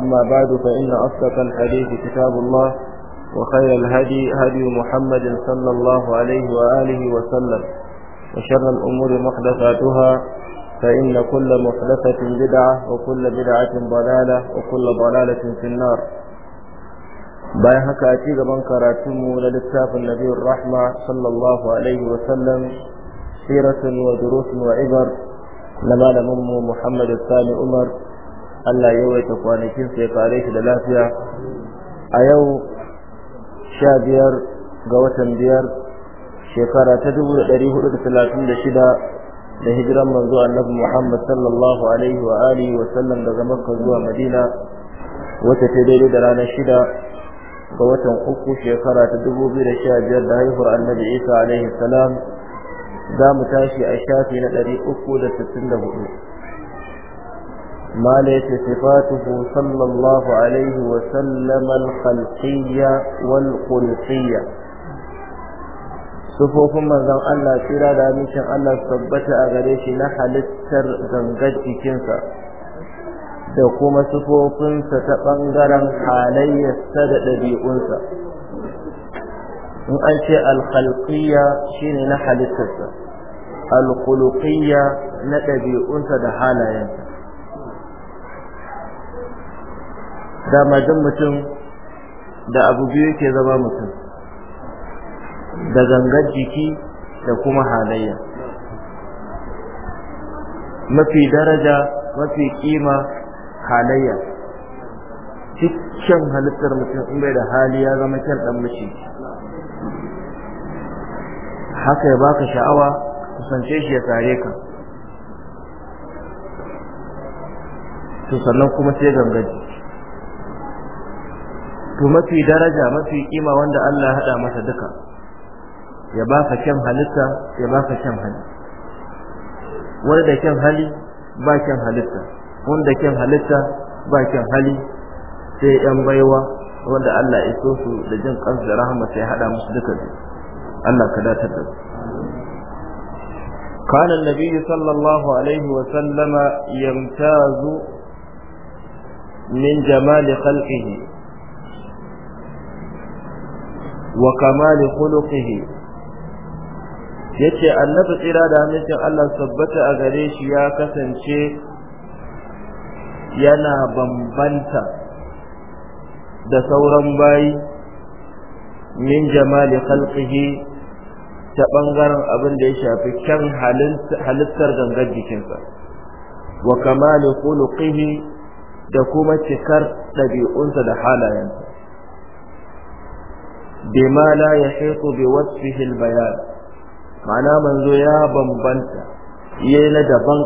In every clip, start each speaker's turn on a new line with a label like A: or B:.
A: أما بعد فإن أصدق الحديث كتاب الله وخير الهدي هدي محمد صلى الله عليه وآله وسلم وشر الأمور محدثاتها فإن كل محدثة بدعة وكل بدعة ضلالة وكل ضلالة في النار bayan haka a ci gaban karatunmu na littafin nabiyar rahma sallallahu alaihi wasallam siratun wa durusun wa ibar na malaminmu muhammad sani umar Allah ya waita kwanakin sai kare shi da lafiya a yau sha biyar ga watan biyar shekara ta dubu da ɗari hudu da talatin da shida da hijiran manzo annabi Muhammad sallallahu alaihi wa alihi wa sallam daga Makka zuwa Madina wata ta daidai da ranar shida ga watan uku shekara ta dubu biyu da sha biyar da haihuwar annabi Isa alaihi salam za mu tashi a shafi na ɗari uku da sittin da hudu ما ليت صفاته صلى الله عليه وسلم الخلقية والقلقية sufofin manzon Allah tsira da mishin Allah tabbata a gare shi na halittar gangar jikinsa da kuma sifofinsa ta ɓangaren halayyarsa da ɗabi'unsa in an ce alkhalqiyya shine na halittarsa alkulukiyya na ɗabi'unsa da halayensa dama mutum da abu biyu yake zama mutum da gangar jiki da kuma halayya mafi daraja mafi kima halayya cikin halittar mutum in bai da hali ya zama kyan dan mace haka ya baka sha'awa kusance shi ya tare ka sannan kuma sai gangaji to mafi daraja mafi kima wanda Allah ya hada masa duka ya baka kyan halitta ya baka kyan hali wanda da kyan hali ba kyan halitta wanda kyan halitta ba kyan hali sai yan baiwa wanda Allah ya so su da jin kansu da rahama sai hada musu duka Allah ka datar da su كان النبي صلى الله عليه وسلم يمتاز من جمال خلقه wa kamali khuluqihi yace annabi tsira da amincin Allah sabbata a gare shi ya kasance yana bambanta da sauran bayi min jamali khalqihi ta bangaren abin da ya shafi kyan halittar gangar jikinsa wa kamali khuluqihi da kuma cikar ɗabi'unsa da halayensa bima la yahiqu bi wasfihi bayan ma'ana manzo ya bambanta yayi na daban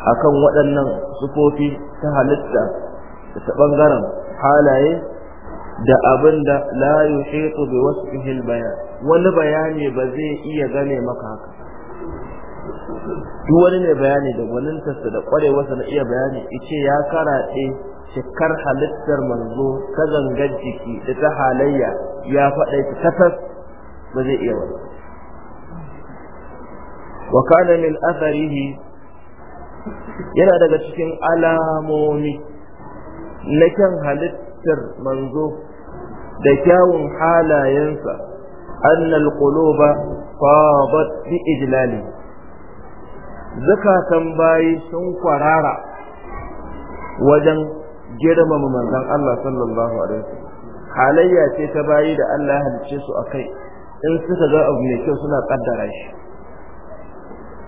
A: akan waɗannan sufofi ta halitta ta ɓangaren halaye da da la yuhiqu bi wasfihi bayan wani bayani ba zai iya gane maka haka duk wani mai bayani da gwanintarsa da ƙwarewarsa na iya bayani ice ya karaɗe shikar halittar manzo ta zangar jiki da ta halayya ya faɗa ta tafas ba zai iya wani wa kana min atharihi yana daga cikin alamomi na kyan halittar manzo da kyawun halayensa annal quluba fadat bi ijlali zakatan bayi sun kwarara wajen girmama manzon Allah sallallahu alaihi wasallam halayya ce ta bayi da Allah ya halice su akai in suka ga abu mai kyau suna kaddara shi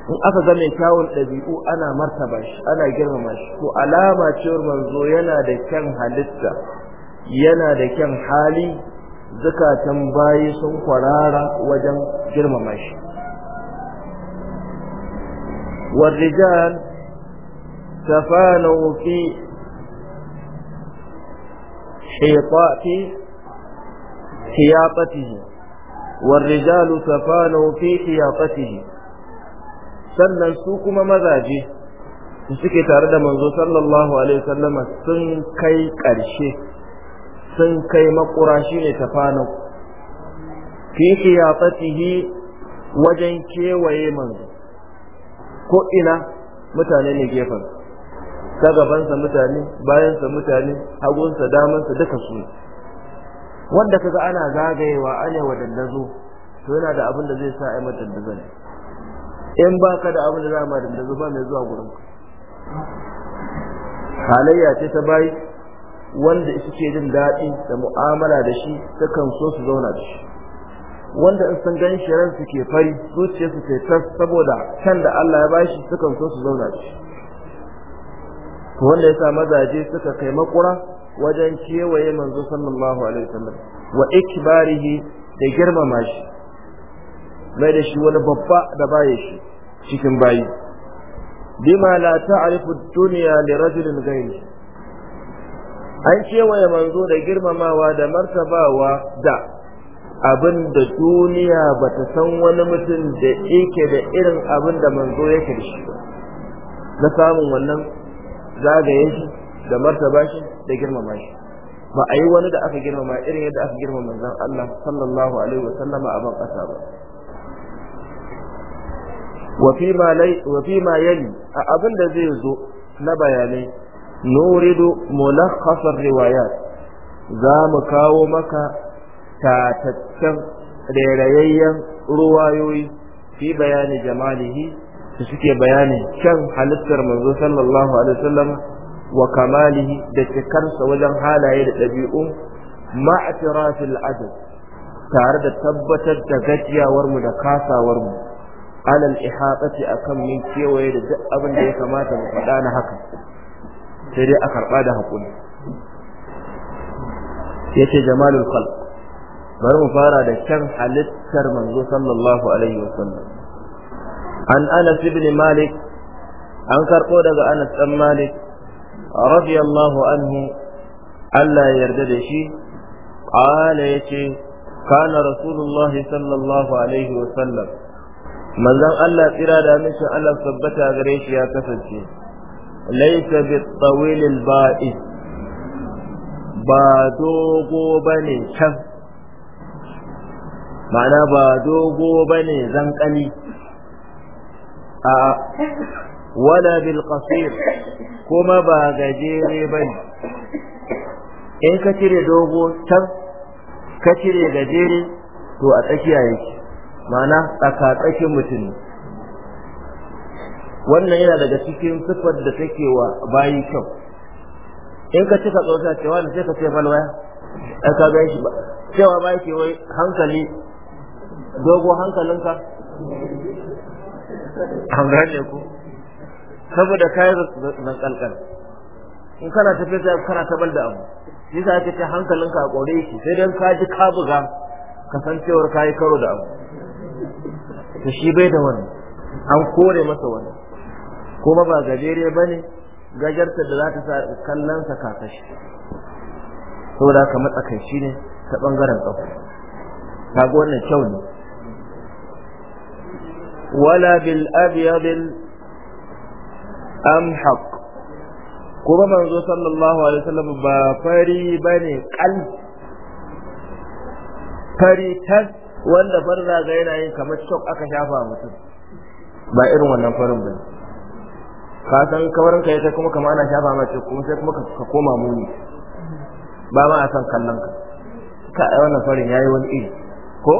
A: in aka ga mai kyawun ɗabi'u ana martaba shi ana girmama shi to alama cewar manzo yana da kyan halitta yana da kyan hali zakatan bayi sun kwarara wajen girmama shi والرجال تفانوا في حيطات خياطته والرجال تفانوا في خياطته sannan su kuma mazaje suke tare da manzo sallallahu alaihi wasallama sun kai ƙarshe sun kai makura shine tafanu fi wajen kewaye manzo ko ina mutane ne gefen ta gabansa mutane bayansa mutane hagunsa damansa duka su wanda kaga ana zagayewa ana wa dandazo to yana da abin da zai sa a yi mata in ba ka da abin da za ma dandazo ba mai zuwa gurin halayya ce ta bayi wanda suke jin daɗi da mu'amala da shi takan so su zauna da shi wanda in sun gan shi ransu ke fari su ke tas saboda can da Allah ya bashi sukan so su zauna shi to wanda yasa mazaje suka kai makura wajen kewaye manzo sallallahu alaihi wasallam wa ikbarihi da girmama shi mai da shi wani babba da baye shi cikin bayi bima la ta'rifu dunya li rajulin ghayri an kewaye manzo da girmamawa da martabawa da abin da duniya ba ta san wani mutum da yake da irin abin da manzo yake da shi ba na samun wannan zagaye shi da martaba shi da girmama shi ba a yi wani da aka girmama irin yadda aka girmama manzon Allah sallallahu alaihi wasallama a ban kasa ba wa fi ma yali a abin da zai zo na bayanai nuridu mulakhasar riwayat za mu kawo maka tataccen rairayayyen ruwayoyi fi bayani jamalihi da suke bayani kyan halittar manzo sallallahu alaihi wasallam wa kamalihi da cikarsa wajen halaye da ɗabi'u ma'atirafil adad tare da tabbatar da gajiyawarmu da kasawarmu alal ihatati akan min kewaye da duk abin da ya kamata mu faɗa na haka sai dai a karɓa da haƙuri yace jamalul khalq bari mu fara da kan halittar manzo sallallahu alaihi wa sallam. an anas ibn malik an karbo daga anas dan malik radiyallahu anhu Allah ya yarda da shi qala yace kana rasulullahi sallallahu alaihi wa sallam? manzon Allah tsira da mishi Allah sabbata gare shi ya kasance laysa bit tawil ba'is ba dogo bane can ma'ana ba dogo bane zankali a wala bil qasir kuma ba gajere bane in ka cire dogo can ka cire gajere to a tsakiya yake ma'ana tsaka tsakin mutum wannan yana daga cikin siffar da take wa bayi kyau in ka cika tsotsa cewa da sai ka ce falwaya ai ka ga shi ba cewa ba ke wai hankali dogo hankalinka an gane ku saboda kayan nan kalkal in kana tafiya sai kana tabal da abu shi ake ta hankalinka a kore shi sai dan ka ji ka buga ka san cewar kai karo da abu to shi bai da wani an kore masa wani kuma ba gajere bane gajarta da za ta sa kallon sa kakashi saboda ka matsakaici ne ta bangaren tsawo kaga wannan kyau ne ولا بالأبيض الأمحق كما منذ صلى الله عليه وسلم بفري بني قلب فري تس wanda farza ga yana yin kamar aka shafa mutum ba irin wannan farin ba ka san kawarin ka yake kuma kamar ana shafa mace kuma sai kuma ka koma muni ba ma a san kallon ka ka ai wannan farin yayi wani iri ko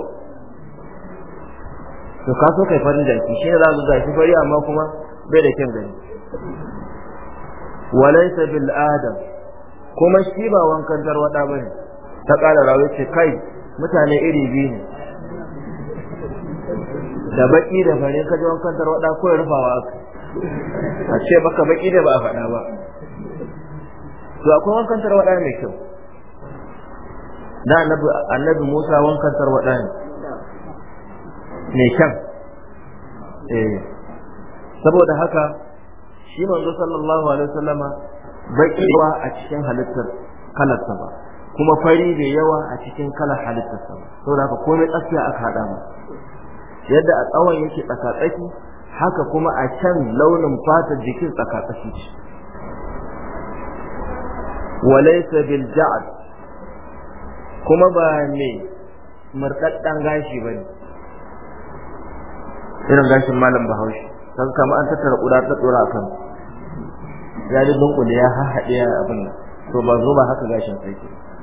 A: to ka so kai farin da shi za su zaki fari amma kuma bai da kyan gani walaysa bil adam kuma shi ba wankan tarwada bane ta kala rawi ce kai mutane iri biyu ne da baki da fare ka ji wankan tarwada ko rufawa aka a ce baka baki da ba a faɗa ba to akwai wankan tarwada mai kyau da annabi Musa wankan tarwada ne mai kyan eh. saboda haka shi manzo sallallahu alaihi wasallama yawa a cikin halittar kala ba kuma fari da yawa a cikin kalar halittarsa ba saboda haka komai tsakiya aka haɗa mu yadda a tsawon yake tsakatsaki haka kuma a can launin fatar jikin tsakatsaki ce walaysa bil ja'd kuma ba ne murkaddan gashi bane irin gashin malam bahaushe kan kama an tattara kuda ta tsora a kan ya da dunku da ya haɗe ya abin nan to ba zo ba haka gashin sai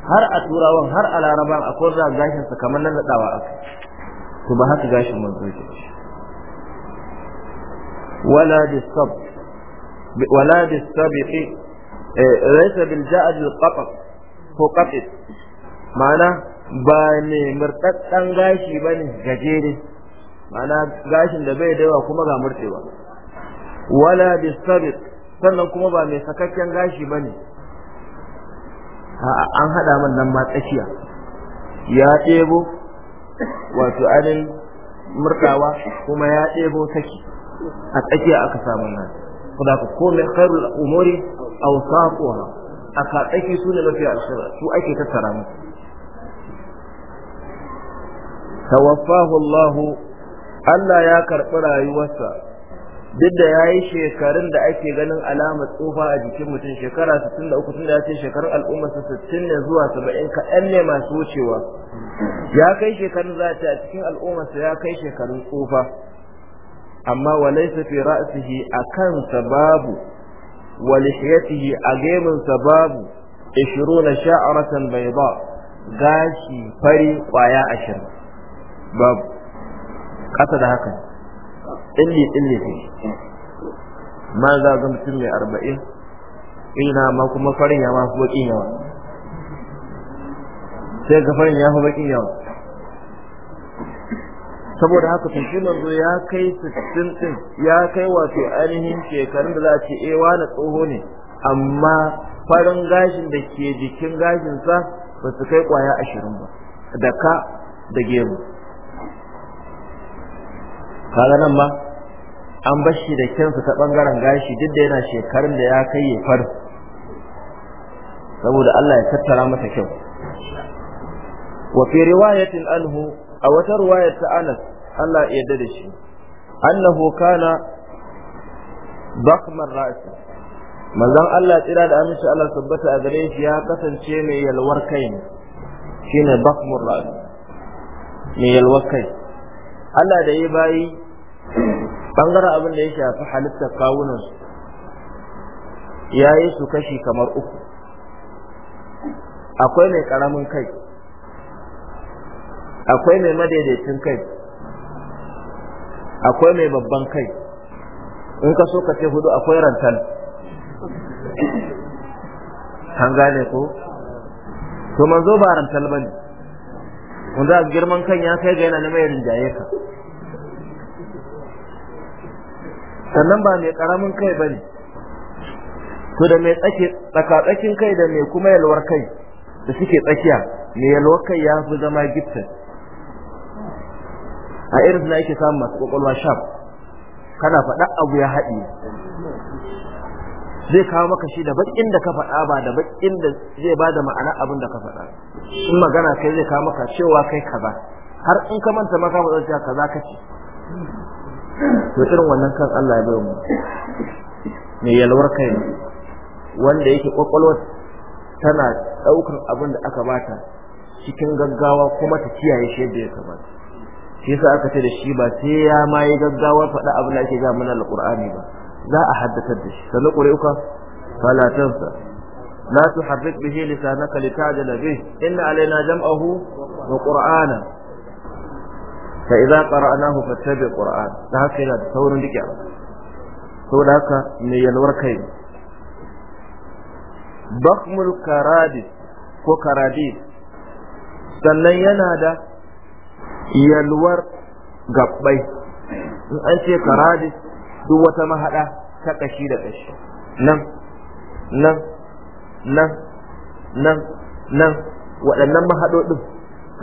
A: har a turawan har a laraban a da gashin sa kamar nan da aka to ba haka gashin manzo ke wala disab wala disabiqi eh, laysa bil ja'd al qatf ko qatf ma'ana ba ne murtaddan gashi bane gajere ma'ana gashin da bai da yawa kuma ga murtsewa wala bisabit sannan kuma ba mai sakakken gashi bane a'a an hada man nan ma tsakiya ya ɗebo wato anin murtawa kuma ya ɗebo saki a tsakiya aka samu nan kuma ko komai khairul umuri aw saqwa aka tsaki su ne mafi alshara su ake tattara mu tawaffahu Allahu Allah ya karɓi rayuwarsa duk da ya yi shekarun da ake ganin alamar tsufa a jikin mutum shekara 63 tun da ya ce shekarun al'ummarsa 60 ne zuwa 70 kaɗan ne masu wucewa ya kai shekarun za a cikin al'ummarsa ya kai shekarun tsufa amma laisa fi ra'sihi a kansa babu wa lihiyatihi a gemunsa sababu 20 sha'aratan bayda gashi fari kwaya 20 babu ƙasa da haka tsilli tsilli ce ma za ga mutum mai arba'in ina ma kuma farin yawa ma fi baƙin yawa sai ga farin yawa fi baƙin yawa saboda haka tunshi zo ya kai sittin din ya kai wato ainihin shekarun da za a ce eh na tsoho ne amma farin gashin da ke jikin gashinsa ba su kai kwaya ashirin ba da ka da gemu kaga nan ma an bar shi da kyansa ta bangaren gashi duk da yana shekarun da ya kai ya far saboda Allah ya tattara masa kyau wa fi riwayatin anhu a wata riwayat ta Anas Allah ya yarda da shi annahu kana bakmar ra'si manzon Allah tsira da aminci Allah tabbata a gare shi ya kasance mai yalwar kai ne shine bakhmur ra'si mai yalwar kai Allah da yi bayi bangaren abin da ya shafi halittar kawunan su ya yi su kashi kamar uku akwai mai karamin kai akwai mai madaidaicin kai akwai mai babban kai in ka so ka ce hudu akwai rantan kan gane ko to manzo ba rantan ba ne wanda girman kan ya kai ga yana na mai rinjaye ka sannan ba mai karamin kai bane to da mai tsake tsakatsakin kai da mai kuma yalwar kai da suke tsakiya mai yalwar kai ya fi zama gifted a irin na yake samun masu kwakwalwa sharp kana faɗa abu ya haɗi zai kawo maka shi da bakin da ka faɗa ba da bakin da zai ba da ma'ana abin da ka faɗa in magana kai zai kawo maka cewa kai kaza har in ka manta maka ba zai kaza kace to irin wannan kan Allah ya bai mu mai yalwar kai ne wanda yake kwakwalwa tana ɗaukar abin da aka bata cikin gaggawa kuma ta kiyaye shi yadda ya kamata shi yasa aka ce da shi ba sai ya ma yi gaggawa faɗa abin da ake ga mana alqur'ani ba za a haddatar da shi sannan ƙuri'uka fala tansa la tuharrik bihi lisanaka litajala bih inna alaina jam'ahu wa qur'ana fa idza qara'nahu fattabi qur'an da haka yana da saurin to da haka me yalwar kai bakhmul karadis ko karadi sannan yana da yalwar gabbai in an ce karadi duk wata mahada ta kashi da kashi nan nan nan nan nan waɗannan mahaɗoɗin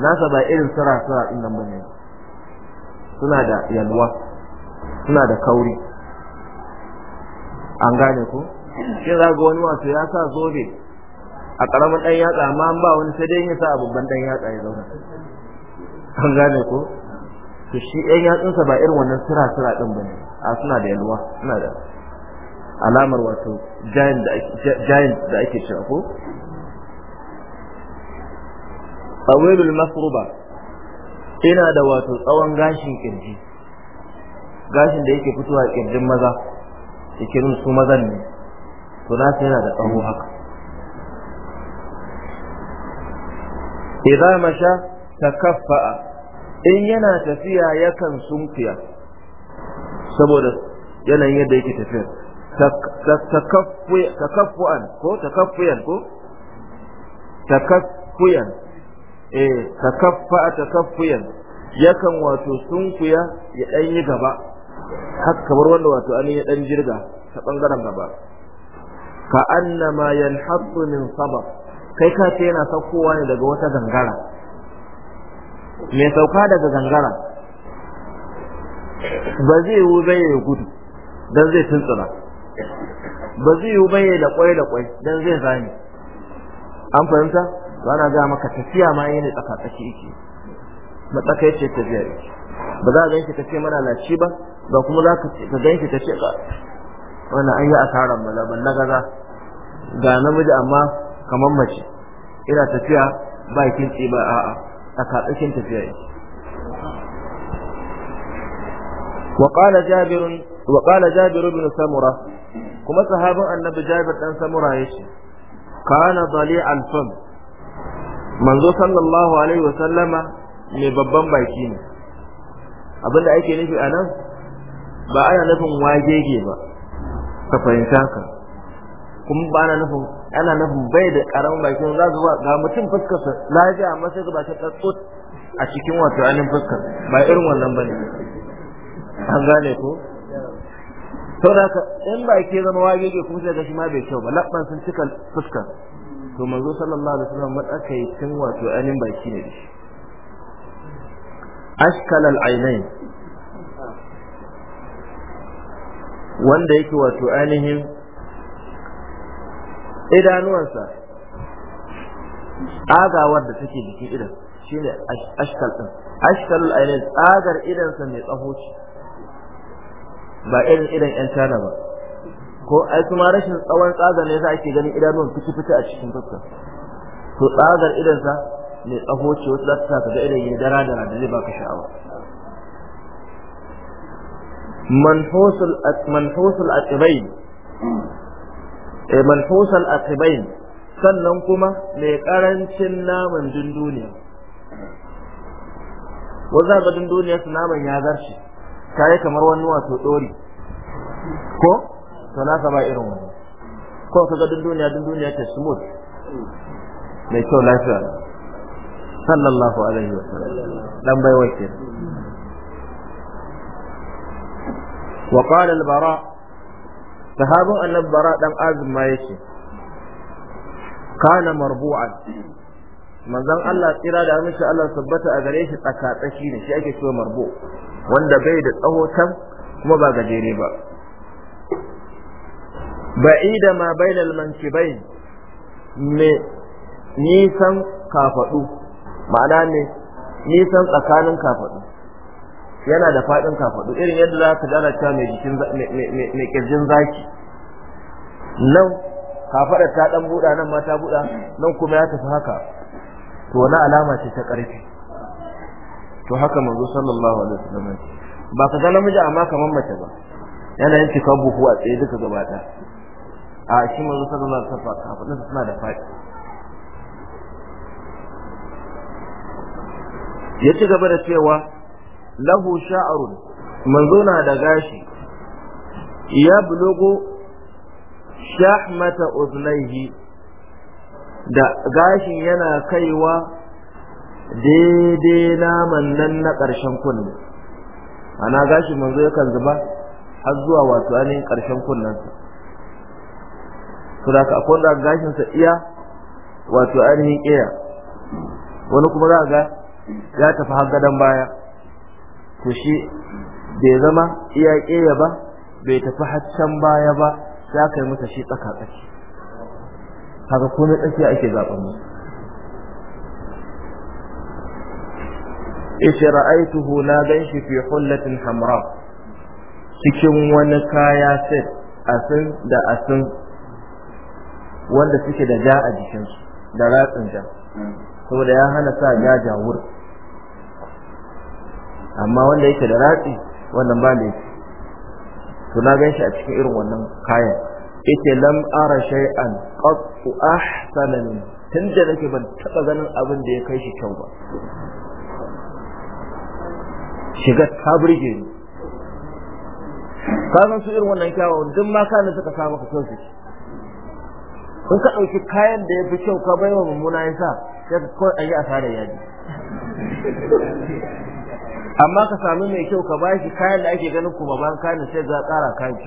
A: nasa ba irin sura-sura din nan bane suna da yalwa suna da kauri an gane ku shi za ga wani wato ya sa zobe a karamin dan yatsa amma an ba wani sai dai ya sa a babban dan yatsa ya zauna an gane ku to shi ɗan yatsunsa ba irin wannan sura ɗin din bane a suna da yalwa suna da alamar wato giant da giant da ake cewa ko awilul masruba ina da wato tsawon gashin kirji gashin da yake fitowa kirjin maza yake nun su mazan ne to na yana da tsawo haka idan masha takaffa'a in yana tafiya yakan sunfiya saboda yanayin yadda yake tafiya takaffuyan ko takaffuyan ko takaffuyan eh takaffa takaffuyan yakan wato sunkuya ya dan yi gaba haka kamar wanda wato an yi dan jirga ta bangaren gaba ka annama yanhabu min sabab kai ka ce yana saukowa ne daga wata gangara mai sauka daga gangara ba zai yiwu bai ya gudu dan zai tuntsura ba zai yiwu bai da kwai da kwai dan zai zani an fahimta to ana ga maka tafiya ma yana tsakatsaki yake matsakaiciyar tafiya yake ba za a ganshi ka ce mana lashi ba ba kuma za ka ganshi ka ce ka wannan an yi asarar maza ban na gaza ga namiji amma kamar mace ina tafiya ba ce ba a'a tsakatsakin tafiya yake وقال جابر وقال جابر بن سمرة كما صحاب النبي جابر بن سمرة يشي كان ضليع الفم manzo sallallahu alaihi wa sallama mai babban baki ne abinda ake nufi anan ba ana nufin wagege ba ka fahimta ka kuma ba ana nufin ana nufin bai da karamin ne za su ga mutum fuskarsa lafiya amma sai ba ta tsatsot a cikin wato anan fuskar ba irin wannan bane an gane ko saboda in baki zama wagege kuma sai ga shi ma bai kyau ba labban sun cika fuskar to manzo sallallahu alaihi wasallam tun wato anin baki ne shi ashkal al-ainain wanda yake wato ainihin idanuwansa agawar da take jikin idan shine ashkal din ashkal al-ainain tsagar sa mai tsaho ba irin idan yan tana ba ko ai kuma rashin tsawon tsagar ne yasa ake ganin mun fiti fiti a cikin fuskar to tsagar idan sa ne tsaho ce wata za ta sa ka ga idan ya dara dara da zai baka sha'awa manfusul manfusul atibain eh manfusul atibain sannan kuma mai karancin naman dunduniya wanda ga dunduniya su naman ya zarce kai kamar wani wato dori ko to na ka ba irin wannan ko ka ga duniya dun duniya ta smooth mai kyau lafiya sallallahu alaihi wasallam dan bai wace wa qala al bara an al bara dan azum ma yake kana marbu'an manzon Allah tsira da mishi Allah tabbata a gare shi tsaka tsaki ne shi ake cewa marbu wanda bai da tsaho can kuma ba gajere ba ba'ida ma bainal bai, me nisan kafadu ma'ana ne nisan tsakanin kafadu yana da faɗin kafaɗu irin yadda za ka gana cewa mai jikin zaki nan kafadar ta dan buda nan ma ta buda nan kuma ya tafi haka to wani alama ce ta karfi to haka manzo sallallahu alaihi wasallam ba ka ga namiji amma kamar mace ba yana yin cikar buhu a tsaye duka gaba a shi manzo sallallahu alaihi wasallam kafaɗinsa suna da faɗi ya ci gaba da cewa lahu sha'arun manzo na da gashi ya bulogo shahmata uznaihi da gashin yana kaiwa daidai naman nan na ƙarshen kunne ana gashi manzo yakan zuba har zuwa wato ainihin ƙarshen kunnensa to da akwai wanda gashin sa iya wato ainihin iya wani kuma za ga ya tafi har gadon baya to shi bai zama iya iya ba bai tafi haccan baya ba ya kai yi masa shi tsaka tsaki haka komai tsakiya ake zaɓen musu ishi ra'aituhu na gan shi fi hullatin hamra cikin wani kaya sai asin da asin wanda suke da ja a jikinsu da ratsin ja saboda ya hana sa ja jawur amma wanda yake da ratsi wannan ba ne to na gan a cikin irin wannan kayan yake lam ara shay'an qad ahsana min tunda nake ban taba ganin abin da ya kai shi kyau ba shiga ta burge ka san su irin wannan kyawawan duk ma kana suka samu maka kyau su in ka ɗauki kayan da ya fi kyau ka bai wa mummuna ya sa sai ka kawai a asarar yaji amma ka sami mai kyau ka ba shi kayan da ake ganin kuma ban kayan sai za tsara kayan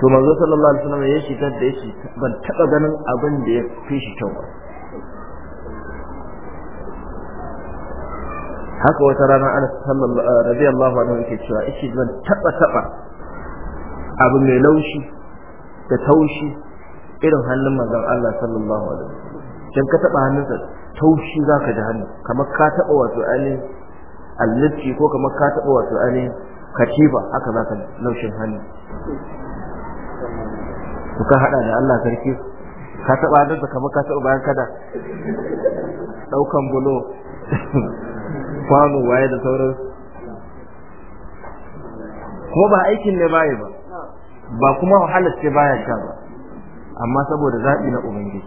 A: to manzo sallallahu alaihi wasallam ya shigar da shi ban taba ganin abin da ya fi shi kyau ba haka wata rana ana sallallahu eh, radiyallahu anhu yake cewa ishi ban taba taba abu mai laushi da taushi irin hannun manzon Allah sallallahu alaihi wasallam dan ka taba hannunsa taushi zaka ji hannu kamar ka taba wato ani allici ko kamar ka taba wato ani katifa, haka zaka laushin hannu to ka hada da Allah sarki ka taba hannunsa kamar ka taba bayan kada daukan bulo kwano waye da sauran kuma ba aikin ne baya ba ba kuma wahalar ce baya sha ba amma saboda zaɓi na ubangiji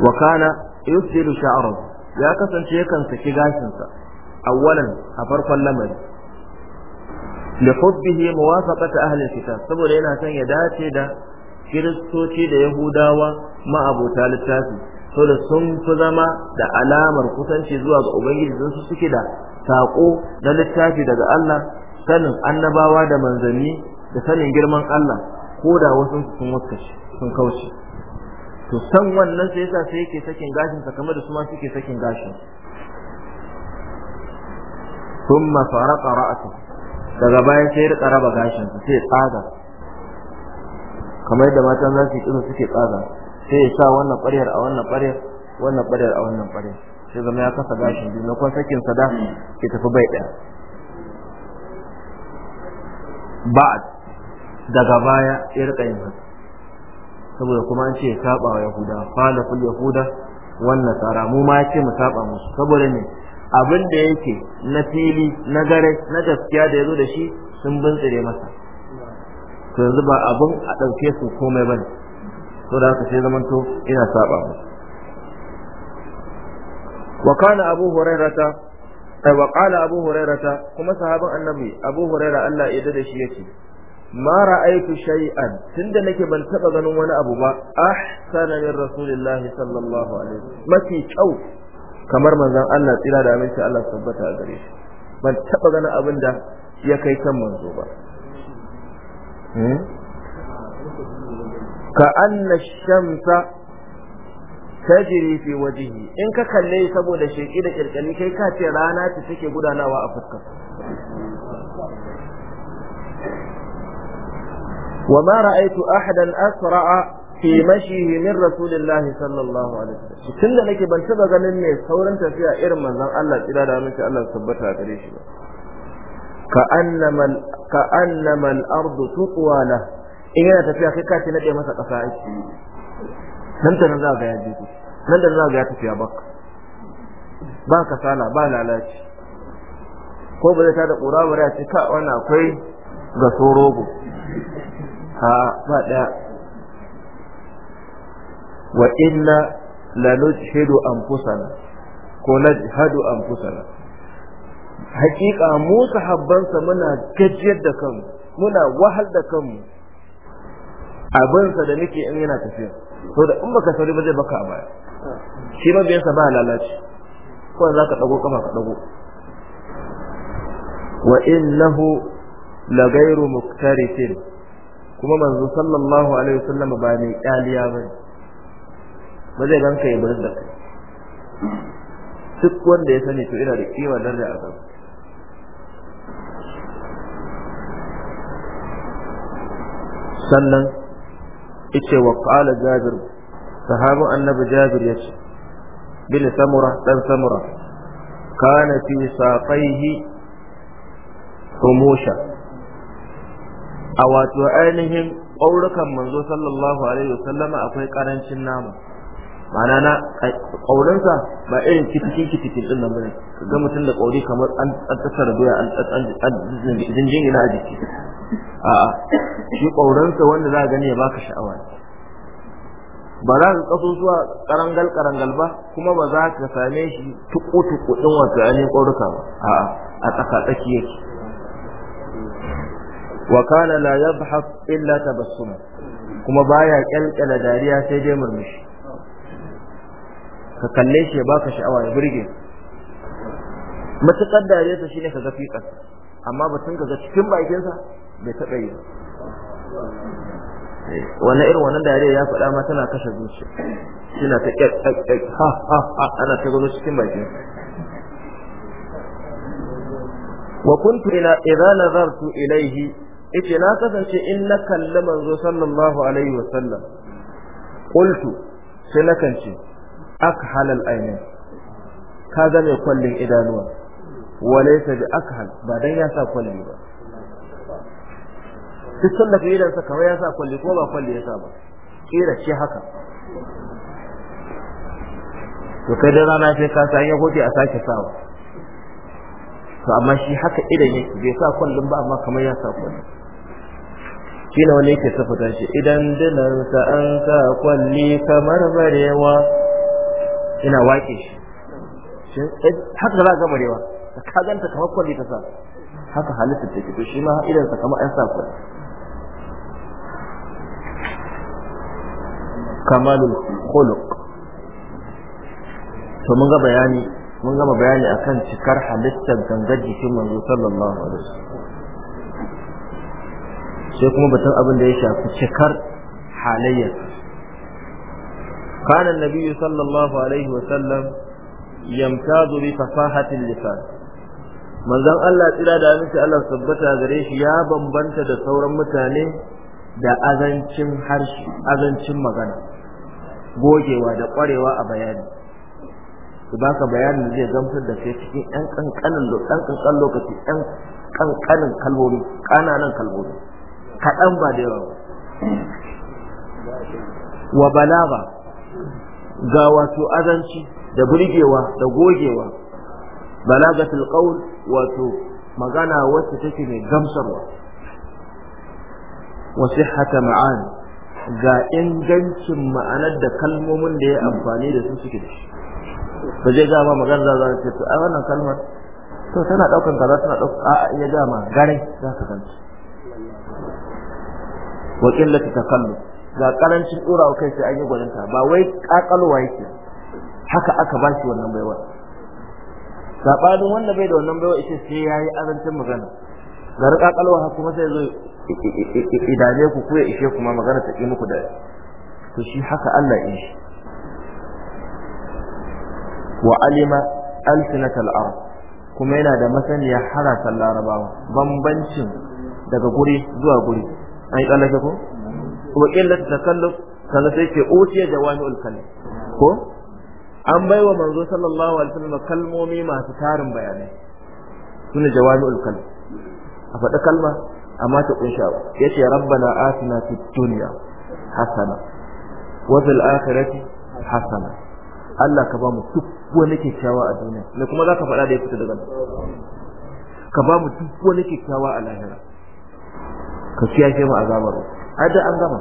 A: Wakana, kana yusjilu ya kasance yakan saki gashinsa awwalan a farkon lamari li hubbihi ta ahli kitab saboda yana son ya dace da kiristoci da yahudawa ma'abota littafi saboda sun fi zama da alamar kusanci zuwa ga ubangiji sun suke da saƙo na littafi daga Allah sanin annabawa da manzanni da sanin girman Allah ko da wasu sun waskace sun kauce to san wannan sai yasa sai yake sakin gashin sa kamar da su ma suke sakin gashin thumma faraqa ra'atu daga bayan sai ya raba gashin sa sai tsaga kamar da matan za su yi kitso suke tsaga sai ya sa wannan ƙwaryar a wannan ƙwaryar wannan ƙwaryar a wannan ƙwaryar sai zama ya kasa gashin biyu maimakon sakin sa da ke tafi bai ɗaya ba'ad daga baya ya rika yin haka saboda kuma an ce ya saba wa yahuda fala kul yahuda wannan nasara mu ma ce mu saba musu saboda ne abin da yake na fili na gare na gaskiya da yazo da shi sun bintsire masa to yanzu ba abin a dauke su komai bane to da haka sai zamanto ina saba musu وكان أبو هريرة وقال أبو هريرة كما صحابة النبي أبو هريرة ألا يدد شيئتي ma ra'aytu shay'an tunda nake ban taba ganin wani abu ba ahsana min Rasulillah sallallahu alaihi wasallam mafi kyau kamar manzon Allah tsira da aminci Allah tabbata a gare shi ban taba ganin abin da ya kai kan manzo ba hmm? ka anna shamsa tajri fi in ka kalle saboda sheki da kirkani kai ka ce rana ce take gudanawa a fuskar Wa رأيت أحدا أسرع في مشيه من رسول الله صلى الله عليه وسلم tunda nake ban taba ganin ne sauran tafiya irin manzon Allah tsira da miki Allah tabbata gare shi ba ka annama ka annama in tafiya kai ka masa aiki nan ya nan ya lalaci ko ta da ƙura ba ya akwai ga rogo. a ba ɗaya wa inna nujhidu anfusana ko najhadu anfusana hakika mu sahabbansa muna gajiyar da kanmu muna wahal da kanmu abinsa da nake in yana tafiya da in baka sauri ba zai baka a baya shi mabiyansa ba lalaci ko za ka dago kama ka dago wa innahu la ghayru muktarifin kuma manzo sallallahu alaihi wasallam ba mai kyaliya bane ba zai ganka ya bar duk wanda ya sani to ina da kiwa dan a kan. sannan yace wa qala jabir sahabu annabi jabir yace bin samura dan samura kana fi saqaihi humusha a wato ainihin ƙaurukan manzo sallallahu alaihi sallama, akwai ƙarancin nama ma'ana na ƙaurinsa ba irin kitikin kitikin ɗin nan bane ga mutum da ƙauri kamar an tattara doya an jinjin ina a jiki a'a shi ƙaurinsa wanda za a gani ya baka sha'awa ba za ka zuwa karangal karangal ba kuma ba za ka same shi tuku tuku din wato ainihin ƙauruka ba a'a a tsaka tsaki yake wa kana la yadhhak illa tabassuma kuma baya kyalkyala dariya sai dai murmushi ka kalle shi ya baka sha'awa ya burge matukar dariya ta shine ka ga fiƙar amma batun ka ga cikin bakinsa bai taɓa yi wannan irin wannan dariya ya faɗa ma tana kashe zuciya suna ta ƙyaƙƙyaƙ ha ha ha ana ta gano cikin bakin wa kuntu ila idza nazartu ilayhi yace na kasance in na kalli manzo sallallahu alaihi wasallam qultu sai na kance akhal al ainin ka ga mai kwallin idanuwa walaysa bi akhal ba dan ya sa kwalli ba duk sallar da idan sa kawai ya sa kwalli ko ba kwalli ya sa ba kira ce haka to kai da rana sai ka sa ya gobe a sake sawa to amma shi haka idan yake bai sa kullun ba amma kamar ya sa kullun shine wani yake sifata shi idan sa an sa kwalli kamar barewa ina wake shi eh, haka za ga barewa da ka ganta kamar kwalli ta sa haka halittar take to shi ma idan sa kamar an sa kwalli kamalul khuluq to mun ga bayani mun gama bayani akan cikar halittar gangar jikin manzo sallallahu alaihi wasallam sai kuma batun abin da ya shafi cikar halayyarsa kana annabi sallallahu alaihi wa sallam yamtazu bi fasahati lisan manzon Allah tsira da miki Allah tabbata gare shi ya bambanta da sauran mutane da azancin harshe azancin magana gogewa da kwarewa a bayani su baka bayanin zai gamsar da kai cikin ɗan ƙanƙanin lokaci ɗan ƙanƙanin kalmomi ƙananan kalmomi kaɗan ba da yawa wa balaga ga wato azanci da burgewa da gogewa balagatul qaul wato magana wacce take mai gamsarwa wa sihhata ma'an ga ingancin ma'anar da kalmomin da ya amfani da su suke da shi ba zai ga ba magana za ta ce to a wannan kalmar to tana daukan kaza tana daukan a'a ya ga ma gare za ka ganta wa qillati takalluf ga karancin dora kai sai an yi gwaninta ba wai kakalwa yake haka aka ba shi wannan baiwa sabanin wanda bai da wannan baiwa ita sai yayi arancin magana ga kakalwa kuma sai zo idane ku ku ya ishe kuma magana ta yi muku da to shi haka Allah ya shi wa alima alsinatal arab kuma yana da masaniya harafin larabawa bambancin daga guri zuwa guri an yi tsallake ko kuma ƙillar ta kallon sannan sai ke ce da wani kalim ko an bai wa manzo sallallahu alaihi wasallam kalmomi masu tarin bayanai sune jawami'ul kalim a faɗi kalma amma ta kunsha ba yace rabbana atina fid dunya hasana wa fil akhirati hasana Allah ka ba mu duk wani kyakkyawa a duniya Me kuma za ka faɗa da ya fita daga ka ba mu duk wani kyakkyawa a lahira ka kiyashe mu azabar ai da an gama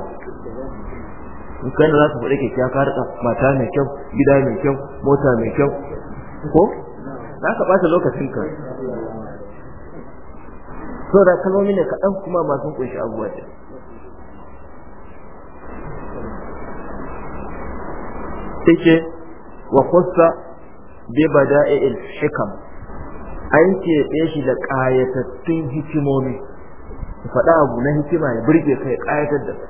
A: in kai da za ka faɗi kyakkyawa ka rika mata mai kyau gida mai kyau mota mai kyau ko za ka ɓata lokacin ka so da kalmomi ne kaɗan kuma masu kunshi abubuwa da take wa kusa bi bada'il hikam an keɓe shi da ƙayatattun hikimomi ya faɗa abu na hikima ya burge kai ya ƙayatar da kai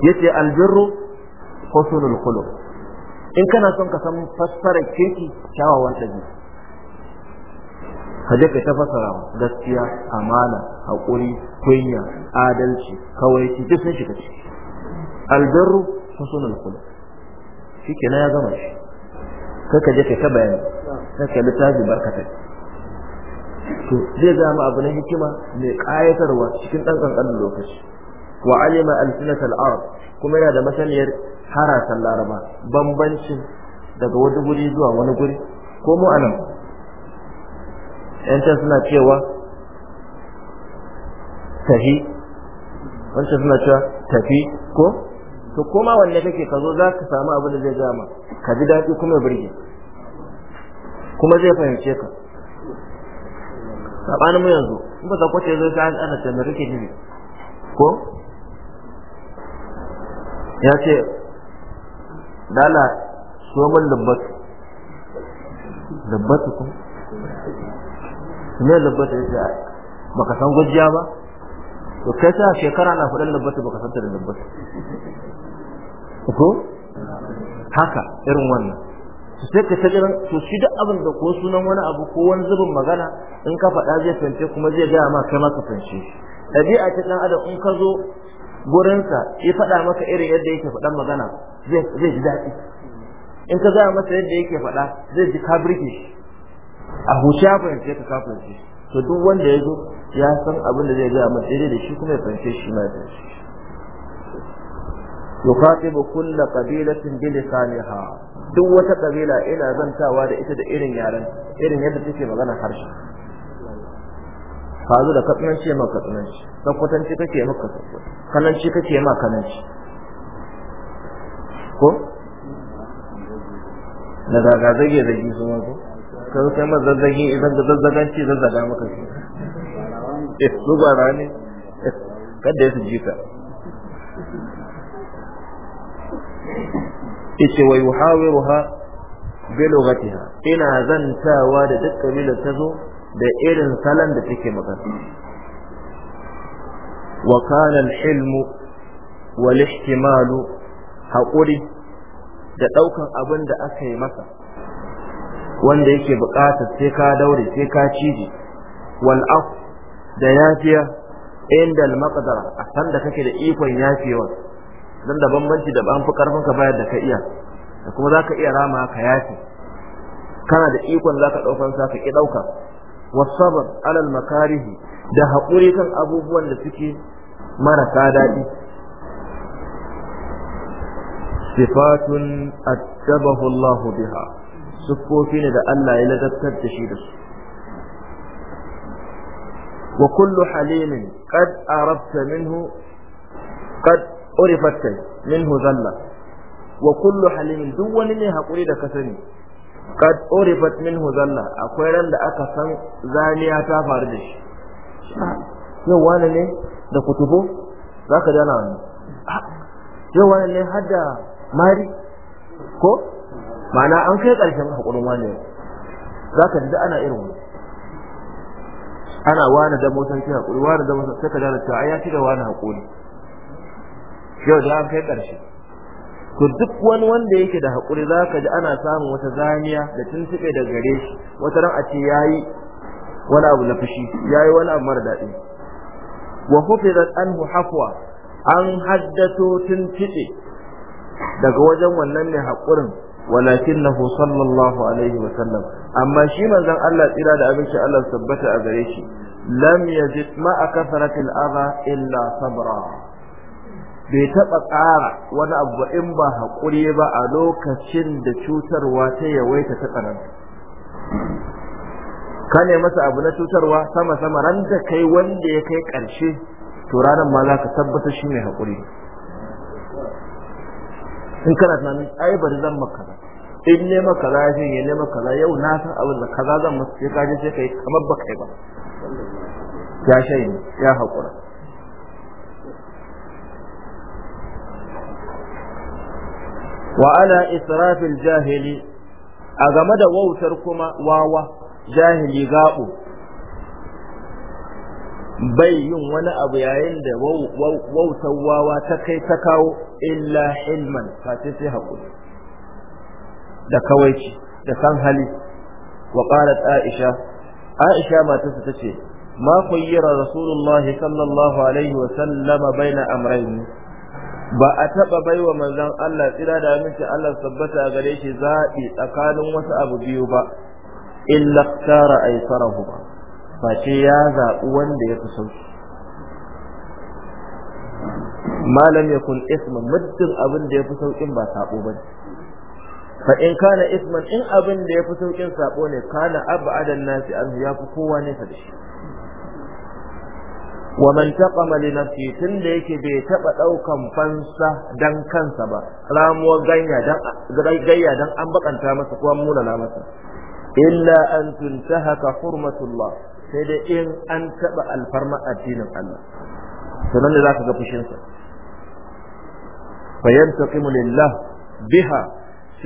A: yace albirru husnul khuluq in kana son ka san fassarar keki kyawawan ɗabi'a ka je ka ta fassara gaskiya amana haƙuri kunya adalci kawai ki duk sun shiga ciki albirru husnul khuluq na ya gama shi kai ka je ka ta bayani kai ka littafi barkatai to zai zama abu na hikima mai kayatarwa cikin dan kankanin lokaci wa alima alsinatal arab kuma yana da masaniyar harasan laraba bambancin daga wani guri zuwa wani guri ko mu anan can suna cewa tafi wancan suna cewa tafi ko to koma wanne kake ka zo za ka samu abin da zai gama ka ji daɗi kuma birge kuma zai fahimce ka sabanin mu yanzu in ba sakwace zai sai an tsana tana rike ne ko ya ce dala so mun dabbatu dabbatu ko me dabbatu ya baka san gujiya ba to kai sa shekara na faɗin ba baka san ta da dabbatu ko haka irin wannan sai ka tsira to shi duk abin da ko sunan wani abu ko wani zubin magana in ka faɗa zai fance kuma zai gaya ma kai ma ka fance shi ɗabi'a ta dan adam in ka zo sa ya faɗa maka irin yadda yake faɗan magana zai ji daɗi in ka gaya masa yadda yake faɗa zai ji ka burge shi a huce ya fahimce ka ka fance shi to duk wanda ya zo ya san abin da zai gaya ma daidai da shi kuma ya fahimce shi ma ya fahimce shi يخاطب كل قبيلة بلسانها duk wata kabila ina zantawa da ita da irin yaran irin yadda take magana harshe ka da katsananci ma katsananci sakwatanci kake ma sakwatanci kananci kake ma kananci ko da zage zagi su ma ko kan sai ma zazzage idan da zazzaganci zazzaga maka shi eh su gwara ne eh, kada su jika yace wa yuhawiruha bi lughatiha ina zantawa da duk kabilar ta zo da irin salon da take magana wa kana al-hilmu wal haƙuri da ɗaukan abin da aka yi masa wanda yake buƙatar sai ka daure sai ka cije wal af da yafiya inda al-maqdara a san da kake da ikon yafewa dan da bambanci da an fi karfin ka bayar da ka iya da kuma zaka iya rama ka yafi kana da ikon ka ɗaukan sa ka ki ɗauka wasabar alal makarihi da haƙuri kan abubuwan da suke marasa daɗi sifatun attabahu Allah biha siffofi ne da Allah ya ladabtar da shi da su wa kullu halimin qad arabta minhu qad urifat minhu zalla wa kullu halimin duk wani ne hakuri da ka sani kad urifat minhu zalla akwai ran da aka san zaniya ta faru da shi yau wani ne da kutubo zaka ka dana wani yau wani ne har da mari ko ma'ana an kai ƙarshen hakurin wani ne zaka ji ana irin wani ana wani da motar hakuri wani da motar ka dana cewa ya ci da wani hakuri yau za kai ƙarshe ku duk wani wanda yake da haƙuri za ka ji ana samun wata zaniya da tun suke da gare shi wata ran a ce ya yi wani abu na fushi ya yi wani abu mara daɗi wa hufi da hafwa an haddato tun fiɗe daga wajen wannan ne haƙurin walakin na sallallahu alaihi wa sallam amma shi manzon Allah tsira da abin shi Allah tabbata a gare shi lam yajid ma'a kasratil adha illa sabra bai taɓa tsara wani abu in ba haƙuri ba a lokacin da cutarwa ta yawaita ta karanta, ka ne masa abu na cutarwa sama sama ran da kai wanda ya kai ƙarshe to ranar ma za ka tabbatar shi ne haƙuri in kana tunanin ai bari zan maka in ne maka za shi ne ne maka za yau na san abin da kaza zan masa sai ka je sai kai kamar ba kai ba ya shayi ya haƙura wa ala israfil jahili a game da wautar kuma wawa jahili gabo bai yin wani abu yayin da wautar wawa ta kai ta kawo illa ilman face sai haƙuri da kawaici da san hali wa aisha aisha matarsa ta ce ma kuyyira rasulullahi sallallahu alaihi wa sallama baina amrayni ba a taba baiwa manzon Allah tsira da miki Allah tabbata gare shi zaɓi tsakanin wasu abu biyu ba illa tara aisarahu ba face ya zaɓi wanda ya fi sauki malam ya kun isma, muddin abin da ya fi saukin ba sabo ba fa in kana isman in abin da ya fi saukin sabo ne kana abu adan nasi an ya fi kowa ne da shi wa man taqama li nafsi tunda yake bai taba daukan fansa dan kansa ba ramu ganya dan gayya dan an bakanta masa ko an mulala masa illa an tuntahaka hurmatullah sai da in an taba alfarma addinin Allah nan ne zaka ga fushin sa yantaqimu lillah biha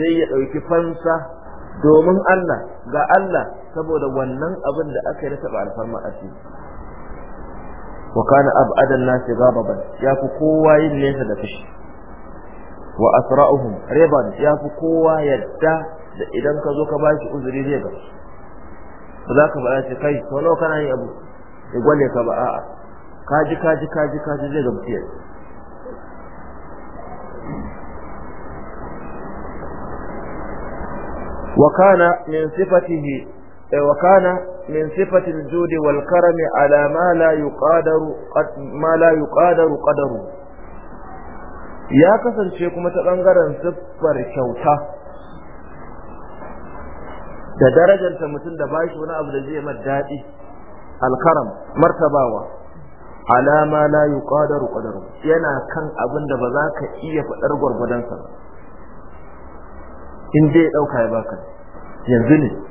A: sai ya dauki fansa domin Allah ga Allah saboda wannan abin da aka yi taba alfarma addini wa kana ab'ada an-nas ghadaban ya fi kowa yin nesa da fushi wa asra'uhum riban ya fi kowa yadda da idan ka zo ka ba shi uzuri zai ga ba za ka faɗa shi kai sau kana yi abu ya gwale ka ba a'a kaji kaji kaji kaji zai ga mutum wa kana min sifatihi وكان من صفة الجود والكرم على ما لا يقادر ya kasance kuma ta ɓangaren siffar kyauta da darajanta mutum da ba shi wani abu da zai mai daɗi alkaram martabawa alama la yuqadaru qadaru yana kan abin da ba za ka iya faɗar gwargwadonsa ba in dai ya ɗauka ya baka yanzu ne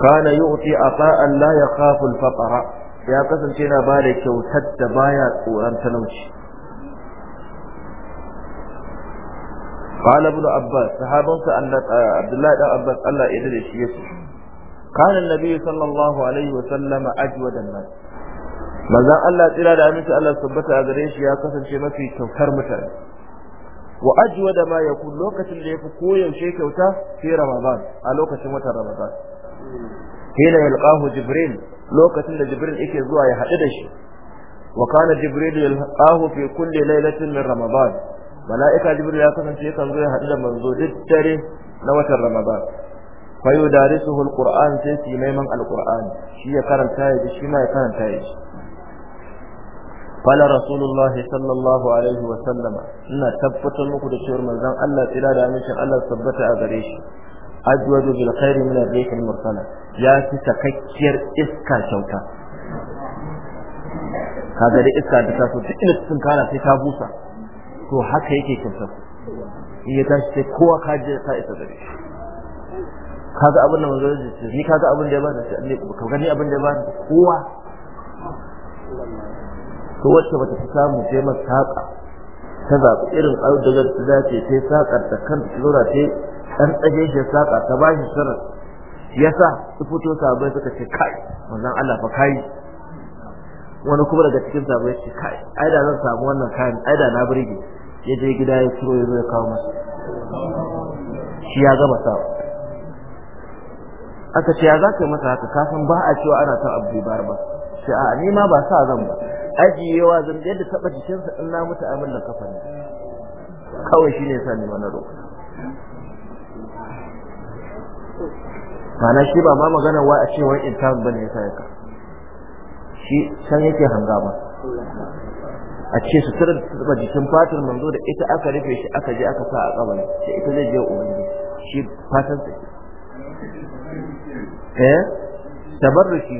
A: kana yu'ti ata'an la yakhafu al-faqra ya kasance yana ba da kyautar da baya tsoron talauci qala ibn abbas sahabansa abdullahi dan abbas Allah ya dade shi yace kana annabi sallallahu alaihi wa sallama ajwada an-nas manzon Allah tsira da aminci Allah tabbata a gare shi ya kasance mafi kyautar mutane wa ajwada ma yakun lokacin da yafi koyaushe kyauta fi ramadan a lokacin watan ramadan hina yalqahu jibril lokacin da jibril yake zuwa ya haɗu da shi wa kana jibril yalqahu fi kulli lailatin min ramadan mala'ika jibril ya kasance yakan zo ya haɗu da manzo duk dare na watan ramadan fa yudarisuhu alquran sai su yi maiman alquran shi ya karanta ya shi ma ya karanta ya shi قال رسول الله muku da cewar manzon Allah tsira da amincin Allah tabbata a gare shi ajwadu bil khairi min ar-rih al-mursala ya fi takakkiyar iska kyauta
B: kaga da iska da ta
A: so duk inda sun kara sai ta busa to haka yake kyauta in ya tashi sai kowa ka je ka isa gare shi kaga abin da manzo ya ce ni kaga abin da ya ba da shi ka gani abin da ya ba da kowa to wacce bata fi samu sai masa saka ta zaɓi irin ƙaudar da ta dace sai sakar da kan ta zaura ta dan tsage shi saka ta bashi sirrin yasa su fito sabai suka ce kai wannan Allah fa kai wani kuma daga cikin sabai ce kai ai da zan samu wannan kai ai da na burge ya je gida ya ciro ya zo ya kawo masa shi ya gaba sa aka ce ya za ka yi masa haka kafin ba a cewa ana son abu bar ba shi a ni ma ba sa zan ba ajiyewa zan yadda taba jikinsa in na mutu amin da kafa ne kawai shine yasa ni wani roƙa mana shi ba ma magana wa a cewa in ta bane ya sai ka shi san yake hanga ba a ce su tura da jikin fatar manzo da ita aka rufe shi aka je aka sa a kabari sai ita zai je ubangi shi fatan ta eh tabarruki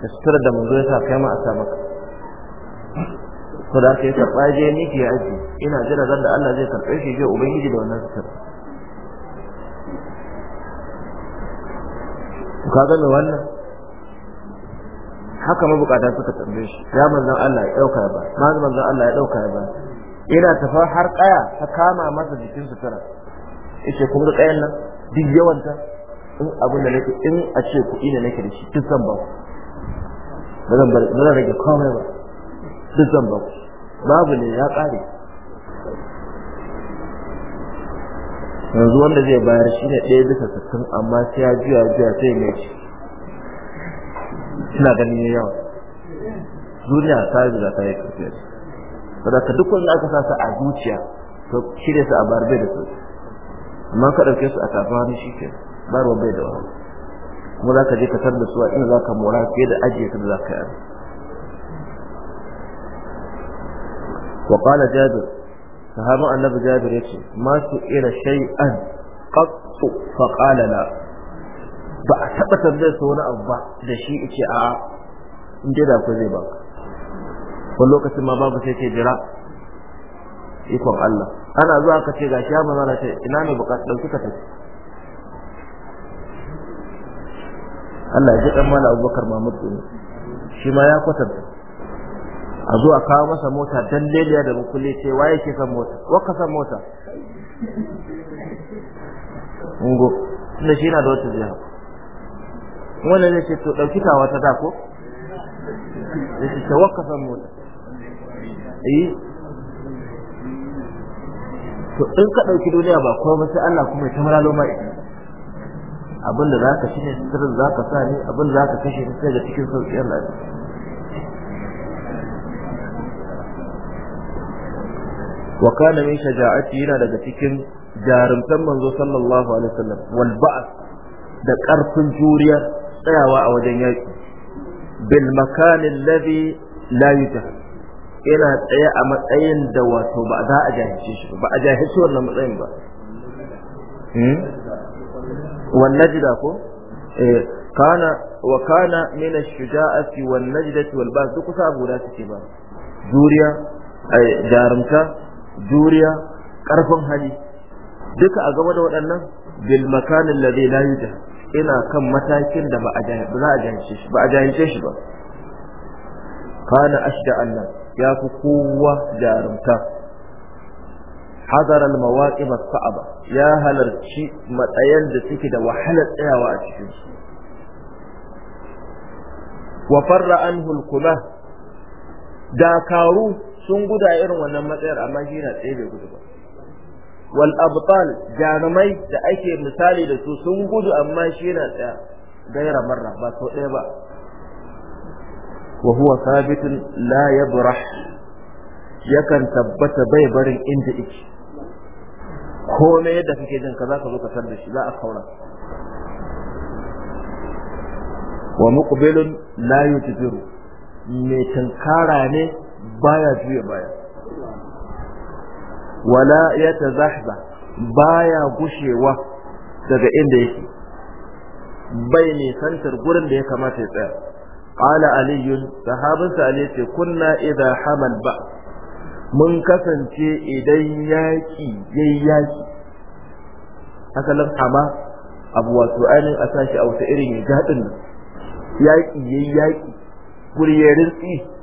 A: da sutura da manzo ya sa kai ma a sa maka to da ke ka tsaje miki ke aji ina jira zan da Allah zai karbe shi je ubangiji da wannan sutura ka ga me wannan haka mabukata suka tambaye shi ya manzon Allah ya dauka ya ba manzon manzon Allah ya dauka ya ba ina tafa har kaya ta kama masa jikin tara yace kun ga kayan nan duk yawanta in abin da nake in a ce kuɗi ne nake da shi duk zan ba ku ba zan rage komai ba duk zan ba ku babu ne ya ƙare yanzu wanda zai bayar shi ne ɗaya bisa sassan amma sai ya juya juya sai ya ci ina ganin ya yawa duniya ta riga ta yi kafiyar saboda ka duk wanda aka sa a zuciya to shirya su a bayar bai da su amma ka ɗauke su a kafin hannu shi ke bayarwa bai da wani. kuma za ka je ka tar da su a inda za ka mora fiye da ajiye su da za ka yi ƙwala جابر sahabin annabi jabir ya ce masu ira shay'an qattu fa qala la ba a taba tambayar sa wani abu ba da shi yace a in dai da ku zai ba wani lokacin ma babu sai ce jira ikon Allah ana zuwa ka ce gashi ya manzana ce ina ne bukatar dauki suka tafi Allah ya ji dan mala Abubakar Mahmud ne shi ma ya kwatanta a zo a kawo masa mota dan leliya da mukulle ce wa yake san mota wa ka san mota ungo tunda shi yana da wata jiha wannan ne ce to dauki ta wata da ko Ya ce wa ka san mota eh to in ka dauki duniya ba ko sai Allah kuma ya tamaralo ma abin da zaka shine sirrin zaka sa ne abin da zaka kashe sai ga cikin sauki Allah wa kana min shaja'ati yana daga cikin jarumtan manzo sallallahu alaihi wasallam wal ba'th da karfin juriya tsayawa a wajen yaki bil makan alladhi la yujahal yana tsaye a matsayin da wato ba za a jahilce shi ba a jahilce wannan matsayin ba
B: hmm? wan najda
A: ko eh kana wa kana min ash-shuja'ati wan najdati wal ba'th duk kusa abu da suke ba juriya eh, jarumta juriya karfin hali duka a gaba da waɗannan bil makan ladhi la ina kan matakin da ba a za a shi ba a shi ba kana ashda Allah ya fi kowa jarumta hazar al mawaqib as sa'aba ya halarci matsayan da suke da wahalar tsayawa a cikin su wa farra anhu al kulah dakaru sun guda irin wannan matsayar amma shi na tsaye bai gudu ba wal abtal jarumai da ake misali da su sun gudu amma shi na tsaya gaira marra ba sau ɗaya ba wa huwa sabitun la yabrah yakan tabbata bai barin inda yake ne yadda kake jin ka za ka zo ka da shi za a kaura wa muqbilun la yutfiru mai tunkara ne baya juya baya wala zahba baya gushewa daga inda yake bai nisantar gurin da ya kamata ya tsaya ala aliyun sa ali ce kunna idza hamal ba mun kasance idan yaki yayi yaki asalin hama abu wato ainihin a sashi a wata irin gadin Yaƙi yaki yayi yaki kuriyerin tsi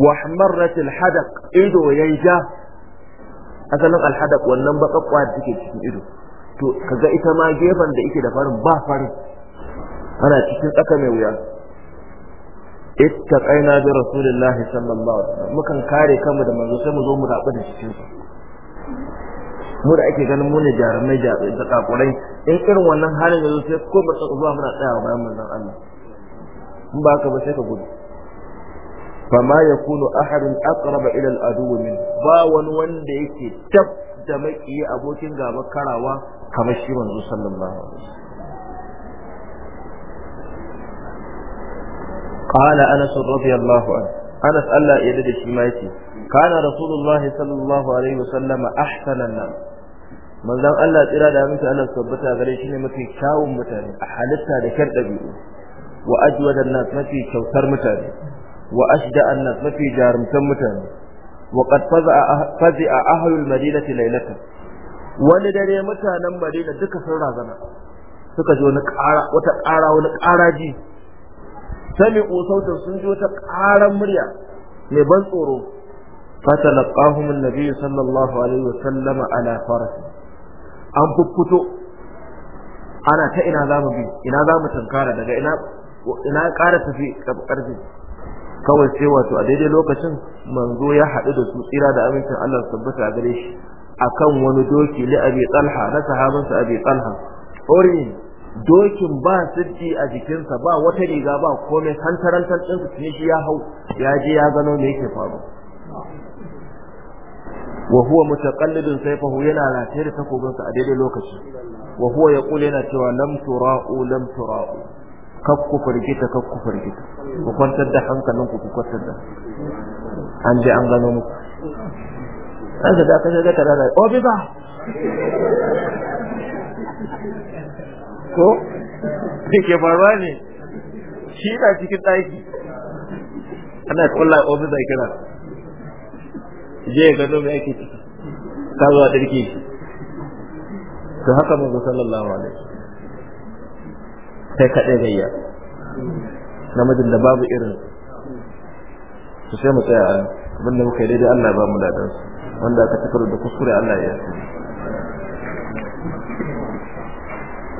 A: wa hamarrat alhadaq ido yayi ja asalin alhadaq wannan bakakwa da take cikin ido to kaga ita ma gefen da yake da farin ba farin ana cikin tsaka mai wuya ittaqaina bi rasulillah sallallahu alaihi wasallam mukan kare kanmu da manzo sai mu zo mu rabu da cikin sa mu da ake ganin mu ne jarumai jarumai da kakurai in irin wannan halin yanzu sai ko ba tsaka zuwa muna tsayawa bayan manzon Allah in ba ka ba sai ka gudu fama ya kunu ahadun aqraba ila al-adu min ba wani wanda yake tab da maki abokin gaba karawa kamar shi manzo sallallahu alaihi wasallam قال انس رضي الله عنه انس الله يدد شي ما يتي كان رسول الله صلى الله عليه وسلم احسن الناس manzon Allah tsira da miki Allah tabbata gare shi ne mafi kyawun mutane a halitta da kyar dabi'u wa ajwadan nas mafi kyautar mutane wa ashja'an nas mafi jarumtan mutane wa qad ah-, fazi'a ahlul madinati laylatan wani dare mutanen madina duka sun razana suka ji wani ƙara wata ƙara wani ƙara ji sami'u sautin sun ji wata ƙaran murya mai ban tsoro fatalaqahum an-nabiy sallallahu alaihi wa sallam ala faras an fuffuto ana ta ina zamu bi ina zamu tankara daga ina ina ƙara tafi karfi kawai sai wato a daidai lokacin manzo ya haɗu da su tsira da amincin Allah tabbata a gare shi akan wani doki li abi talha na sahabansa abi talha orin dokin ba sirri a jikinsa ba wata riga ba komai hantarantar su ne shi ya hau ya je ya gano me yake faru wa huwa mutaqallidun sayfahu yana rataye da takobinsa a daidai lokaci wa huwa yaqulu yana cewa lam tura'u lam tura'u kakku firgita kakku firgita ku kwantar da hankalin ku ku kwantar da an je an gano muku an da aka shiga ta rana obi ba ko da ke ne shi na cikin ɗaki ana kulla obi zai kira je ya gano mai ake ciki ka zuwa dirki to haka manzo sallallahu alaihi sai kaɗai gayya namijin da babu irin su sai mu tsaya a abin da muka yi daidai Allah ba mu su wanda aka tukar da kuskure Allah ya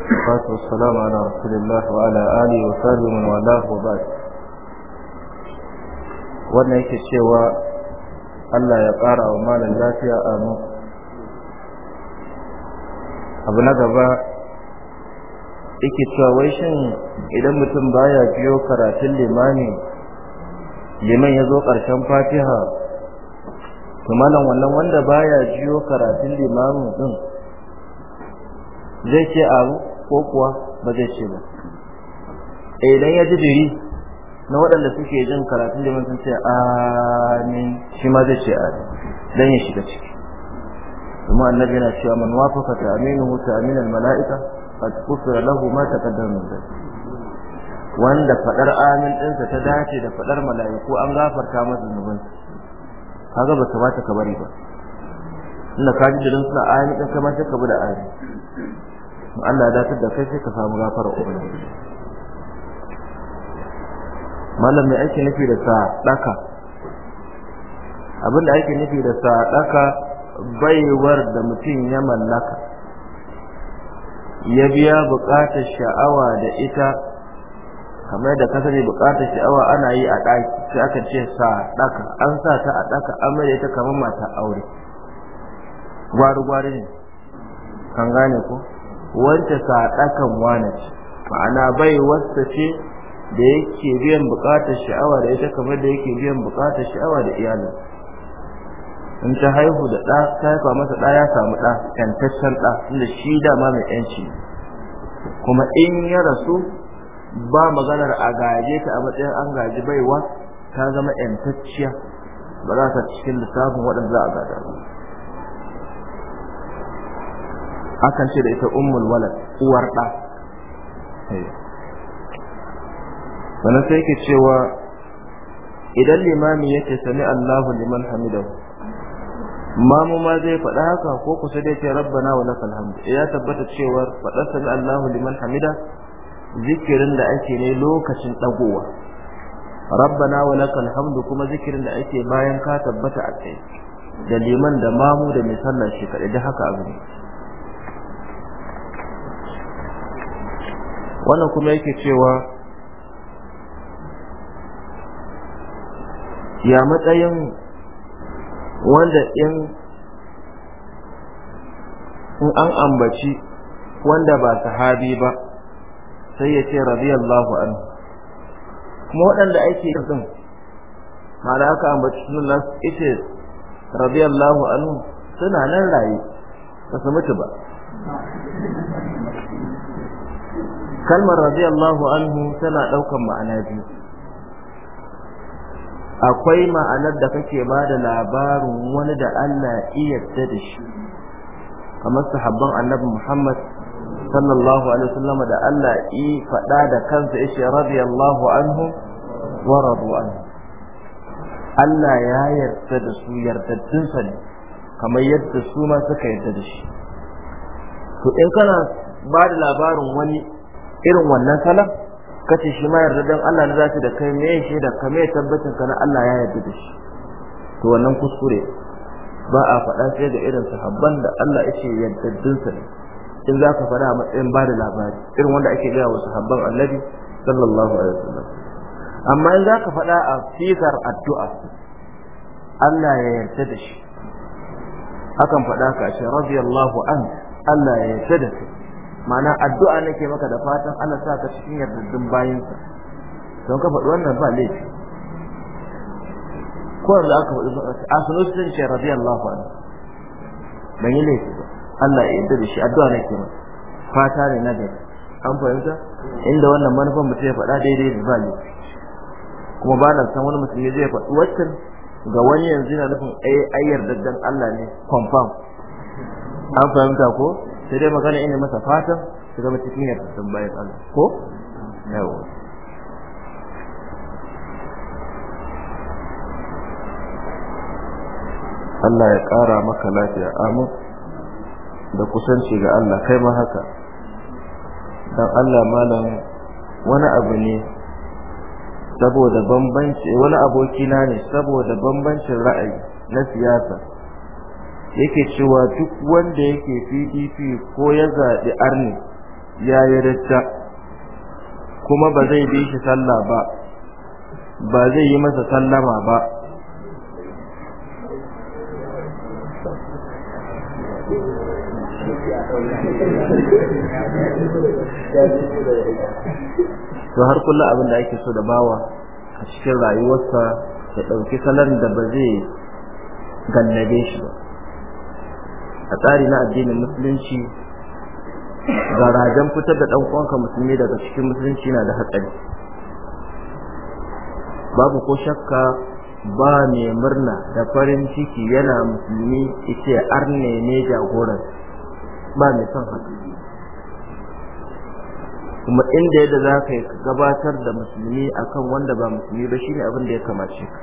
A: yi salatu wassalamu ala rasulillah wa ala wa sahbihi wa walahu wa ba'd wannan yake cewa Allah ya ƙara wa malam lafiya a mu abu na gaba yake cewa wai shin idan mutum baya biyo karatun limani liman ya zo ƙarshen fatiha to malam wannan wanda baya biyo karatun limamin din zai ce abu ko kuwa ba zai ce ba eh, idan ya ji diri na waɗanda suke jin karatun liman sun ce amin shi ma zai ce amin dan ya shiga ciki kuma annabi yana cewa man wafaka ta'minuhu ta'minal mala'ika qad kufira lahu ma taqaddama wanda fadar amin ɗinsa ta dace da fadar mala'iku an gafarta masa zunubansa kaga ba kamata ka bari ba inda kaji ji dalilin suna amin ɗin kamar sai ka bi da mu Allah ya dace da kai sai ka samu gafara ubangiji malam mai aiki nufi da sadaka abin da ake nufi da sadaka baiwar da mutum ya mallaka ya biya buƙatar sha'awa da ita kamar da kasar buƙatar sha'awa ana yi a ɗaki sai aka ce sa ɗaka an sa ta a ɗaka an mai ita kamar mata aure gwari-gwari ne kan gane ko wanda sa ɗakan wane ce ma'ana bai wasta ce da yake biyan buƙatar sha'awa da ita kamar da yake biyan buƙatar sha'awa da iyalinsa in ta haihu da ɗa ta haifa masa ɗa ya samu ɗa yantaccen ɗa inda shi dama mai yanci kuma in ya rasu ba maganar a gaje ta a matsayin an gaji baiwa ta zama yantacciya ba za ta cikin lissafin waɗanda za a gada ba akan ce da ita ummul walad uwar ɗa eh. sannan sai ke cewa idan limami yake sami Allahu liman hamidahu mamu ma zai faɗa haka ko kusa dai ce rabbana wa lakal hamd eh, ya tabbata cewar faɗar sami Allahu liman hamida zikirin da ake ne lokacin dagowa rabbana wa lakal hamd kuma zikirin da ake bayan ka tabbata a kai da liman da mamu da mai sallah shi da haka abu ne wannan kuma yake cewa ya matsayin wanda in in an ambaci wanda ba sahabi ba sai ya ce radiyallahu anhu kuma waɗanda ake yin mara aka ambaci sunan nasu ita radiyallahu anhu suna nan raye ba su mutu ba kalmar radiyallahu anhu tana ɗaukar ma'ana biyu akwai ma'anar da kake ba da labarin wani da Allah iya da shi kamar sahabban annabi Muhammad sallallahu alaihi wasallam da Allah i faɗa da kansa yace radiyallahu anhu wa radu anhu Allah ya yarda da su yardaddin sa ne kamar yadda su ma suka yarda da shi to in kana ba da labarin wani irin wannan salam kace shi ma yarda dan Allah ne zaki da kai me shi da ka me tabbacin ka na Allah ya yarda da shi to wannan kuskure ba a faɗa sai ga irin sahabban da Allah yake yardaddin sa in za ka faɗa a matsayin ba da labari irin wanda ake gaya wa sahabban annabi sallallahu alaihi wasallam amma in za ka faɗa a fitar addu'a Allah ya yarda da shi akan faɗa ka ce radiyallahu an Allah ya yarda da shi. ma'ana addu'a nake maka da fatan Allah sa ka cikin bayin bayansa don ka faɗi wannan ba laifi ko da aka faɗi a sunusun ce radiyallahu anhu ban yi laifi ba Allah ya yarda da shi addu'a nake maka fata ne na gari an fahimta inda wannan manufan mutum ya faɗa daidai da ba laifi kuma ba na san wani mutum zai faɗi waccan ga wani yanzu yana nufin eh, ayyar daddan Allah ne confirm an fahimta ko sai dai magana ina masa fata su zama cikin sun bayan Allah ko yawon Allah ya ƙara maka lafiya amur da kusanci ga Allah kai ma haka Don Allah malam wani abu ne saboda bambanci wani abokina ne saboda bambancin ra'ayi na siyasa yake cewa duk wanda yake PDP ko ya zaɓi arni ya yi yarda kuma ba zai bi shi sallah ba ba zai yi masa sallama ba to har kullum abin da ake so da bawa a cikin rayuwarsa ya ɗauki salon da ba zai gannabe shi ba a tsari na addinin musulunci garajen fitar da ɗan uwanka musulmi daga cikin musulunci na da hatsari babu ko shakka ba mai murna da farin ciki yana musulmi ita arne ne jagoran ba mai son haka kuma inda yadda za ka gabatar da musulmi akan wanda ba musulmi ba shine abin da ya kamace ka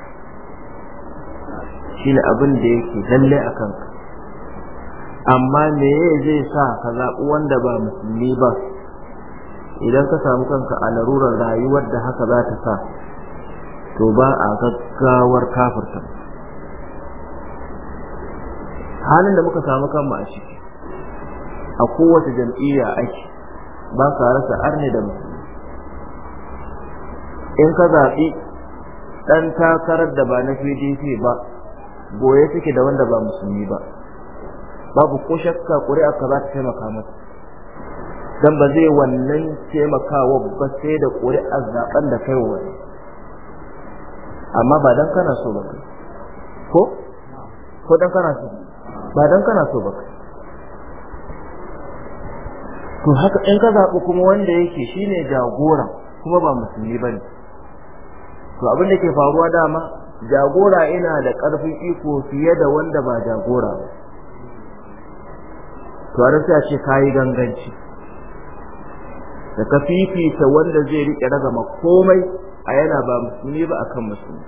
A: shine abin da yake lalle a kanka amma me zai sa ka zaɓi wanda ba musulmi ba idan ka samu kanka a larurar rayuwar da haka za ta sa to ba a gaggawar kafirta halin da muka samu kanmu a ciki a kowace jam'iyya ake ba ka rasa arne da musulmi in ka zaɓi ɗan takarar da ba na pdp ba goye suke da wanda ba musulmi ba babu ko shakka ƙuri'a ka za ta taimaka mata dan ba zai wannan taimakawa ba sai da ƙuri'a zaben da kai wani amma ba dan kana so ba kai ko ko dan kana so ba dan kana so ba kai to haka in ka zaɓi kuma wanda yake shine jagora kuma ba musulmi bane to abin da ke faruwa dama jagora ina da ƙarfin iko fiye da wanda ba jagora ba to an sai a ce kayi ganganci da ka fifita wanda zai rike ragama komai a yana ba musulmi ba akan musulmi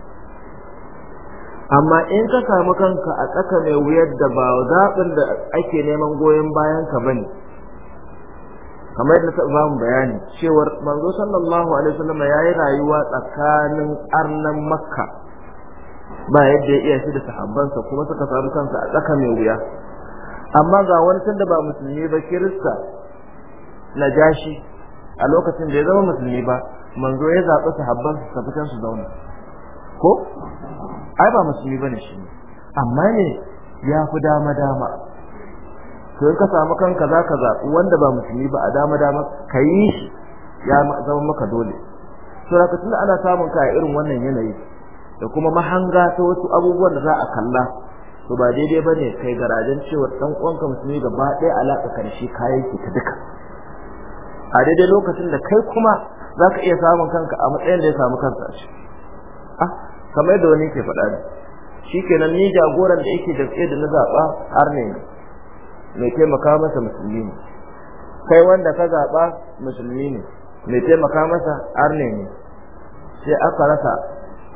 A: amma in ka samu kanka a tsaka mai wuyar da ba zaɓin da ake neman goyon bayan ka bane kamar yadda ta ba mu bayani cewar manzo sallallahu alaihi wasallam yi rayuwa tsakanin arnan makka ba yadda ya iya shi da sahabbansa kuma suka samu kansa a tsaka mai wuya amma ga wani sanda ba musulmi ba kirista na jashi a lokacin da ya zama musulmi ba manzo ya zaɓi sahabban su tafi can su zauna ko ai ba musulmi ne shi ne, amma ne ya fi dama dama to in ka samu kanka za ka zaɓi wanda ba musulmi ba a dama dama ka yi shi ya zama maka dole to da ana samun ka a irin wannan yanayi da kuma mahanga ta wasu abubuwan da za a kalla to ba daidai ba ne kai garajen cewa ɗan uwanka musulmi gaba ɗaya alaka karshe kayan ki ta duka a daidai lokacin da kai kuma za ka iya samun kanka a matsayin da ya samu kansa shi A ah, kamar da wani ke faɗa ne. Shi nan ni jagoran da yake da tsaye da na zaɓa, har ne mai taimaka masa musulmi ne kai wanda ka zaɓa musulmi ne mai taimaka masa har ne ne sai aka rasa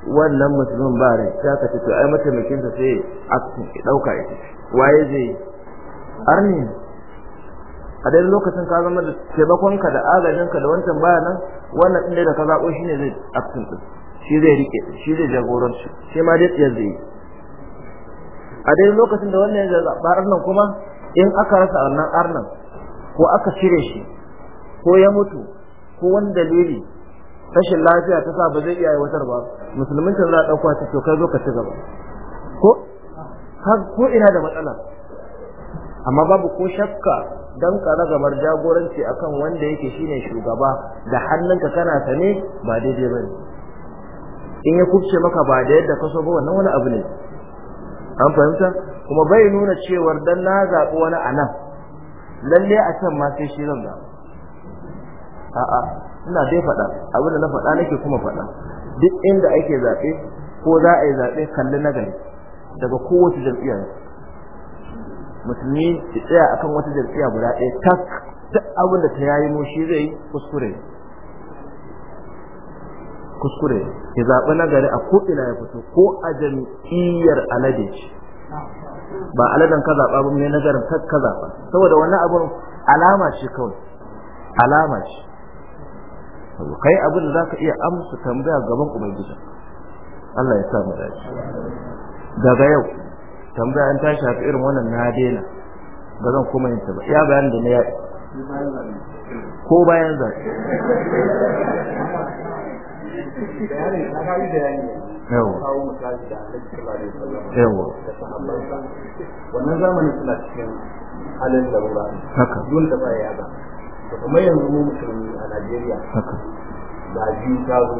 A: wannan musulmin ba rai sai aka ce to ai mataimakin sa sai a ki dauka ya ce waye zai arni a dai lokacin ka zama da taimakon ka da agajin ka da wancan baya nan wannan din da ka zabo ne zai action din shi zai rike shi zai jagoranci shi ma dai tsiyar zai a dai lokacin da wannan ya zaba arnan kuma in aka rasa wannan arnan ko aka cire shi ko ya mutu ko wani dalili rashin lafiya ta sa ba zai iya aiwatar ba musulmin ta za a ɗauka ta to kai zo ka ci gaba ko ko ina da matsala amma babu ko shakka dan gabar jagoranci akan wanda yake shine shugaba da hannunka kana sane ba daidai bane in ya kubce maka ba da yadda ka so ba wannan wani abu ne an fahimta kuma bai nuna cewar dan na zaɓi wani a nan lalle a can ma sai shi zan a'a ina dai faɗa abin da na faɗa nake kuma faɗa duk inda ake zaɓe ko za a yi zaɓe kalli nagari daga kowace jam'iyyar musulmi ki tsaya akan wata jam'iyya guda ɗaya tak duk abin da ta yayi mu shi zai kuskure kuskure ki zaɓi nagari a ko ina ya fito ko a jam'iyyar alade ce ba aladan ka zaɓa ba mai nagarin ka zaɓa saboda wani abin alama ce kawai alama ce kai abin da zaka iya amsa tambaya gaban ubangiji Allah ya sa mu dace daga yau tambaya an tashi haka irin wannan na daina ba zan koma yin ta ba ya bayan da na ya
C: ko bayan zaɓe yawa yawa wannan zamanin suna cikin halin da wura haka dole da baya ya ba da kuma yanzu mu musulmi a Najeriya ga biyu ta zo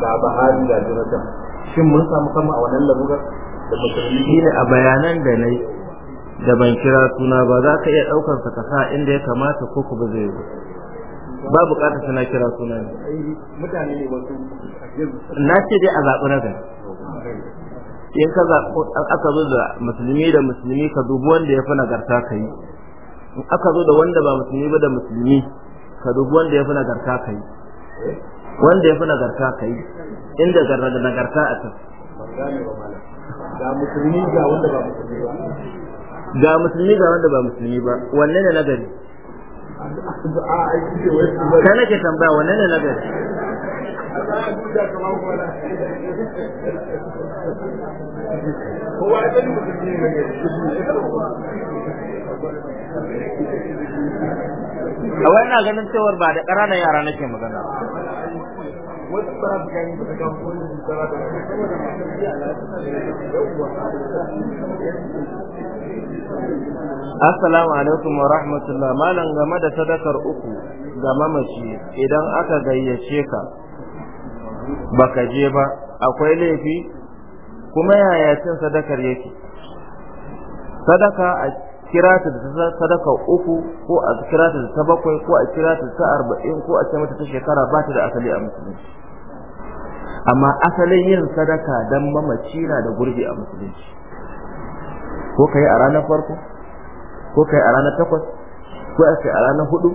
C: ga Buhari ga Jonathan shin mun samu kama a wannan larurar da musulmi ne a bayanan
A: da nayi da ban kira suna ba za ka iya ɗaukar sa ka sa inda ya kamata ko ku ba zai yi
C: ba bukata suna kira suna ne mutane ne wasu na ce dai a zaɓi nazari
A: in ka zaɓi aka zo da musulmi da musulmi ka dubu wanda ya fi nagarta ka yi in aka zo da wanda ba musulmi ba da musulmi ka dubi wanda ya fi nagarta yi wanda ya fi nagarta yi inda zarra da nagarta a can ga musulmi ga wanda ba musulmi ba wanne ne nagari
C: kai nake tambaya wanne ne nagari kowa ya musulmi ne a wai na
A: ganin cewar ba da ƙananan yara nake magana Assalamu alaikum wa rahmatullah malam game da sadakar uku ga mamaci idan aka gayyace ka baka je ba akwai laifi kuma yaya cin sadakar yake sadaka a kirata da sadaka uku ko a kirata ta da ta bakwai ko a kirata ta ta arba'in ko a ce mata ta shekara ba ta da asali a musulunci amma asalin yin sadaka dan mamaci na da gurbi a musulunci ko kai a ranar farko ko kai a ranar takwas ko a ce a ranar hudu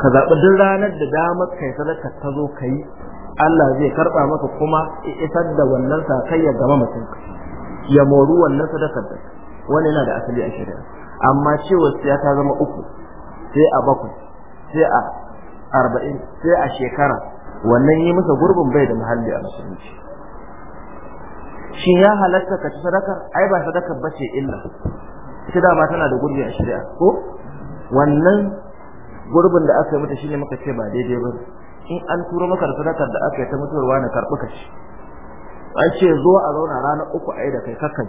A: ka zaɓi duk ranar da damar kai sadaka ta zo ka yi Allah zai karɓa maka kuma isar da wannan sakayya ga mamacinka ya mori wannan sadakar da wani yana da asali a shari'a amma cewa siya ta zama uku sai a bakwai sai a arba'in sai a shekara wannan yi masa gurbin bai da muhalli a musulunci shin ya halatta ka ci sadakar ai ba sadakar ba ce illa ita dama tana da gurbi a shari'a ko wannan gurbin da aka yi mata shine muka ce ba daidai ba in an turo maka da sadakar da aka yi ta mutuwa na karɓi ka ci an ce zo a zauna ranar uku a yi da kai kakkan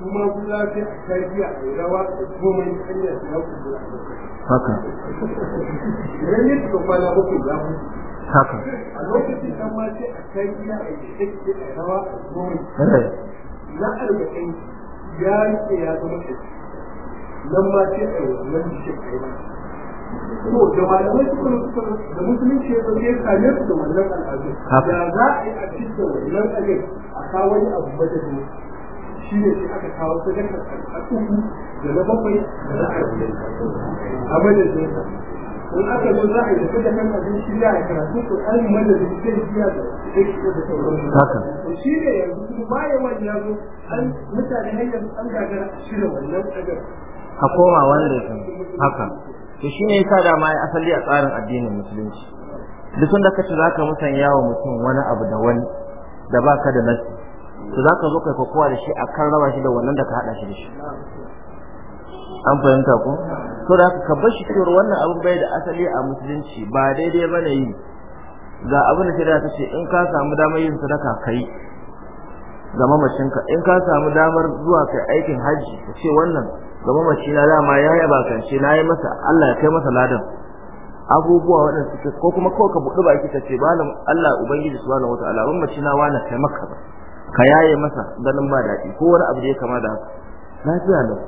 C: kuma kula ta tarbiya a rawa da komai hanyar da ku haka ranar da kwana uku za mu haka a lokacin kan ma ce a tarbiya a cikin a rawa da komai eh. na arba'in ya rike ya zama shi nan ma ce a wannan shi kai ma ko da malamai suka da musulunci ya zauke kame su da wannan al'adu da za a yi a cikin wannan al'adu a kawo abu madadin shi ne sai aka kawo sadakar al'ubu da na bakwai da na arba'in a madadin sa in aka zo za a yi sadakar abinci da a karatu ko an madadin zai biya da zai shigo da sauran haka to shi ne yanzu kuma bayan wani ya zo an mutane hanyar an gagara shirya wannan tsagar
A: a koma wanda ya haka to shi ne yasa ma ya asali a tsarin addinin musulunci duk sanda kace zaka musanya wa mutum wani abu da wani da baka da nasi to za ka zo kai kokowa da shi akan raba shi da wannan da ka haɗa shi da shi an fahimta ko to da ka bar shi cewa wannan abin bai da asali a musulunci ba daidai bane yi ga abin da shari'a ta ce in ka samu damar yin sadaka kai ga mamacinka in ka samu damar zuwa kai aikin hajji ka ce wannan ga mamaci na dama ya yaba kance na yi masa Allah ya kai masa ladan abubuwa waɗanda suke ko kuma kawai ka buɗi baki ka ce malam Allah ubangiji subhanahu wataala mamaci na wani kai maka ba ka yaye masa ganin ba daɗi ko wani abu da ya kama da haka lafiya lau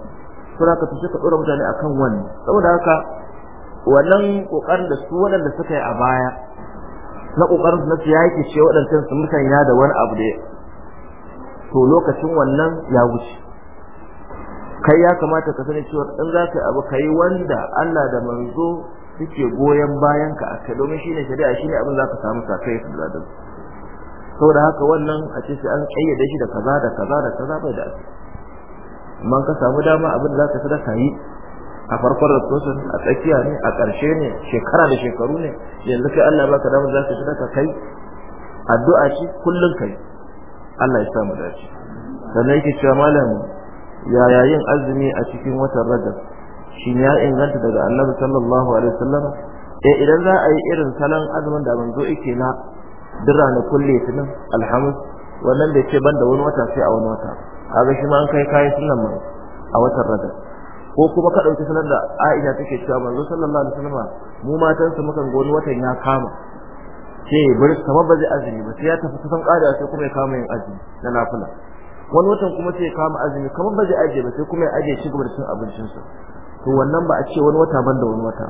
A: suna ka tashi ka ɗora mutane akan wani saboda haka wannan ƙoƙarin da su waɗanda suka yi a baya na ƙoƙarin su na su yaƙi ce waɗancan su ya da wani abu da to lokacin wannan ya wuce kai ya kamata ka sani cewa in za ka yi abu ka yi wanda Allah da manzo suke goyon bayan ka a kai domin shine shari'a shine abin za ka samu sakai da saboda haka wannan a ce sai an kayyade shi da kaza da kaza da kaza bai da asali amma ka samu dama abin da zaka sadaka yi a farkon rasulun a tsakiya ne a ƙarshe ne shekara da shekaru ne yanzu kai Allah ba ka dama za ka sadaka kai addu'a shi kullum kai Allah ya samu dace sannan yake cewa malam ya yayin azumi a cikin watan Rajab shi ya inganta daga Annabi sallallahu alaihi wasallam eh idan za a yi irin salon azumin da manzo yake na duk ranakun litinin alhamis wannan da ce banda wani wata sai a wani wata kaga shi ma an kai kayan sunan mai a watan rajab ko kuma ka dauki sanar da Aisha take cewa manzo sallallahu alaihi wasallam mu matan su mukan ga wani watan ya kama ce bari kamar ba zai azumi ba sai ya tafi san kada sai kuma ya kama yin azumi na nafila wani watan kuma sai ya kama azumi kamar ba zai aje ba sai kuma ya aje shi gaba da cin abincin sa to wannan ba a ce wani wata banda wani wata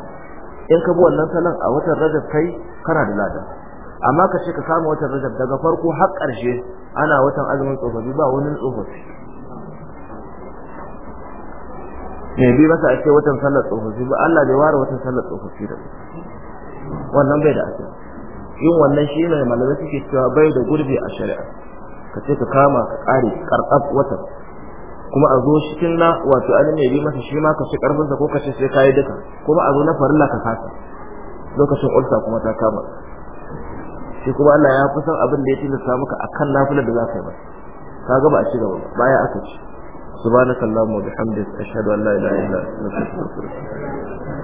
A: in ka bi wannan salan a watan rajab kai kana da ladan amma ka ce ka kama watan rajab daga farko har karshe ana watan azumin tsofaffi ba wani tsofaffi me bi masa a watan sallar tsofaffi ba Allah bai ware watan sallar tsofaffi da wannan bai da asali yin wannan shi ne malamai suke cewa bai da gurbi a shari'a ka ce ka kama ka kare karɓar watan kuma a zo cikin na wato an ne bi masa shi ma ka karfin karfinsa ko ka ce sai kayi duka kuma a zo na farilla ka fasa lokacin ulsa kuma ta kama shi kuma Allah ya fi san abin da ya tilasta maka akan nafilar da za ka yi masa kaga ba a ci gaba baya aka ci subhanakallahumma wa bihamdika ashhadu an la ilaha illa anta
B: astaghfiruka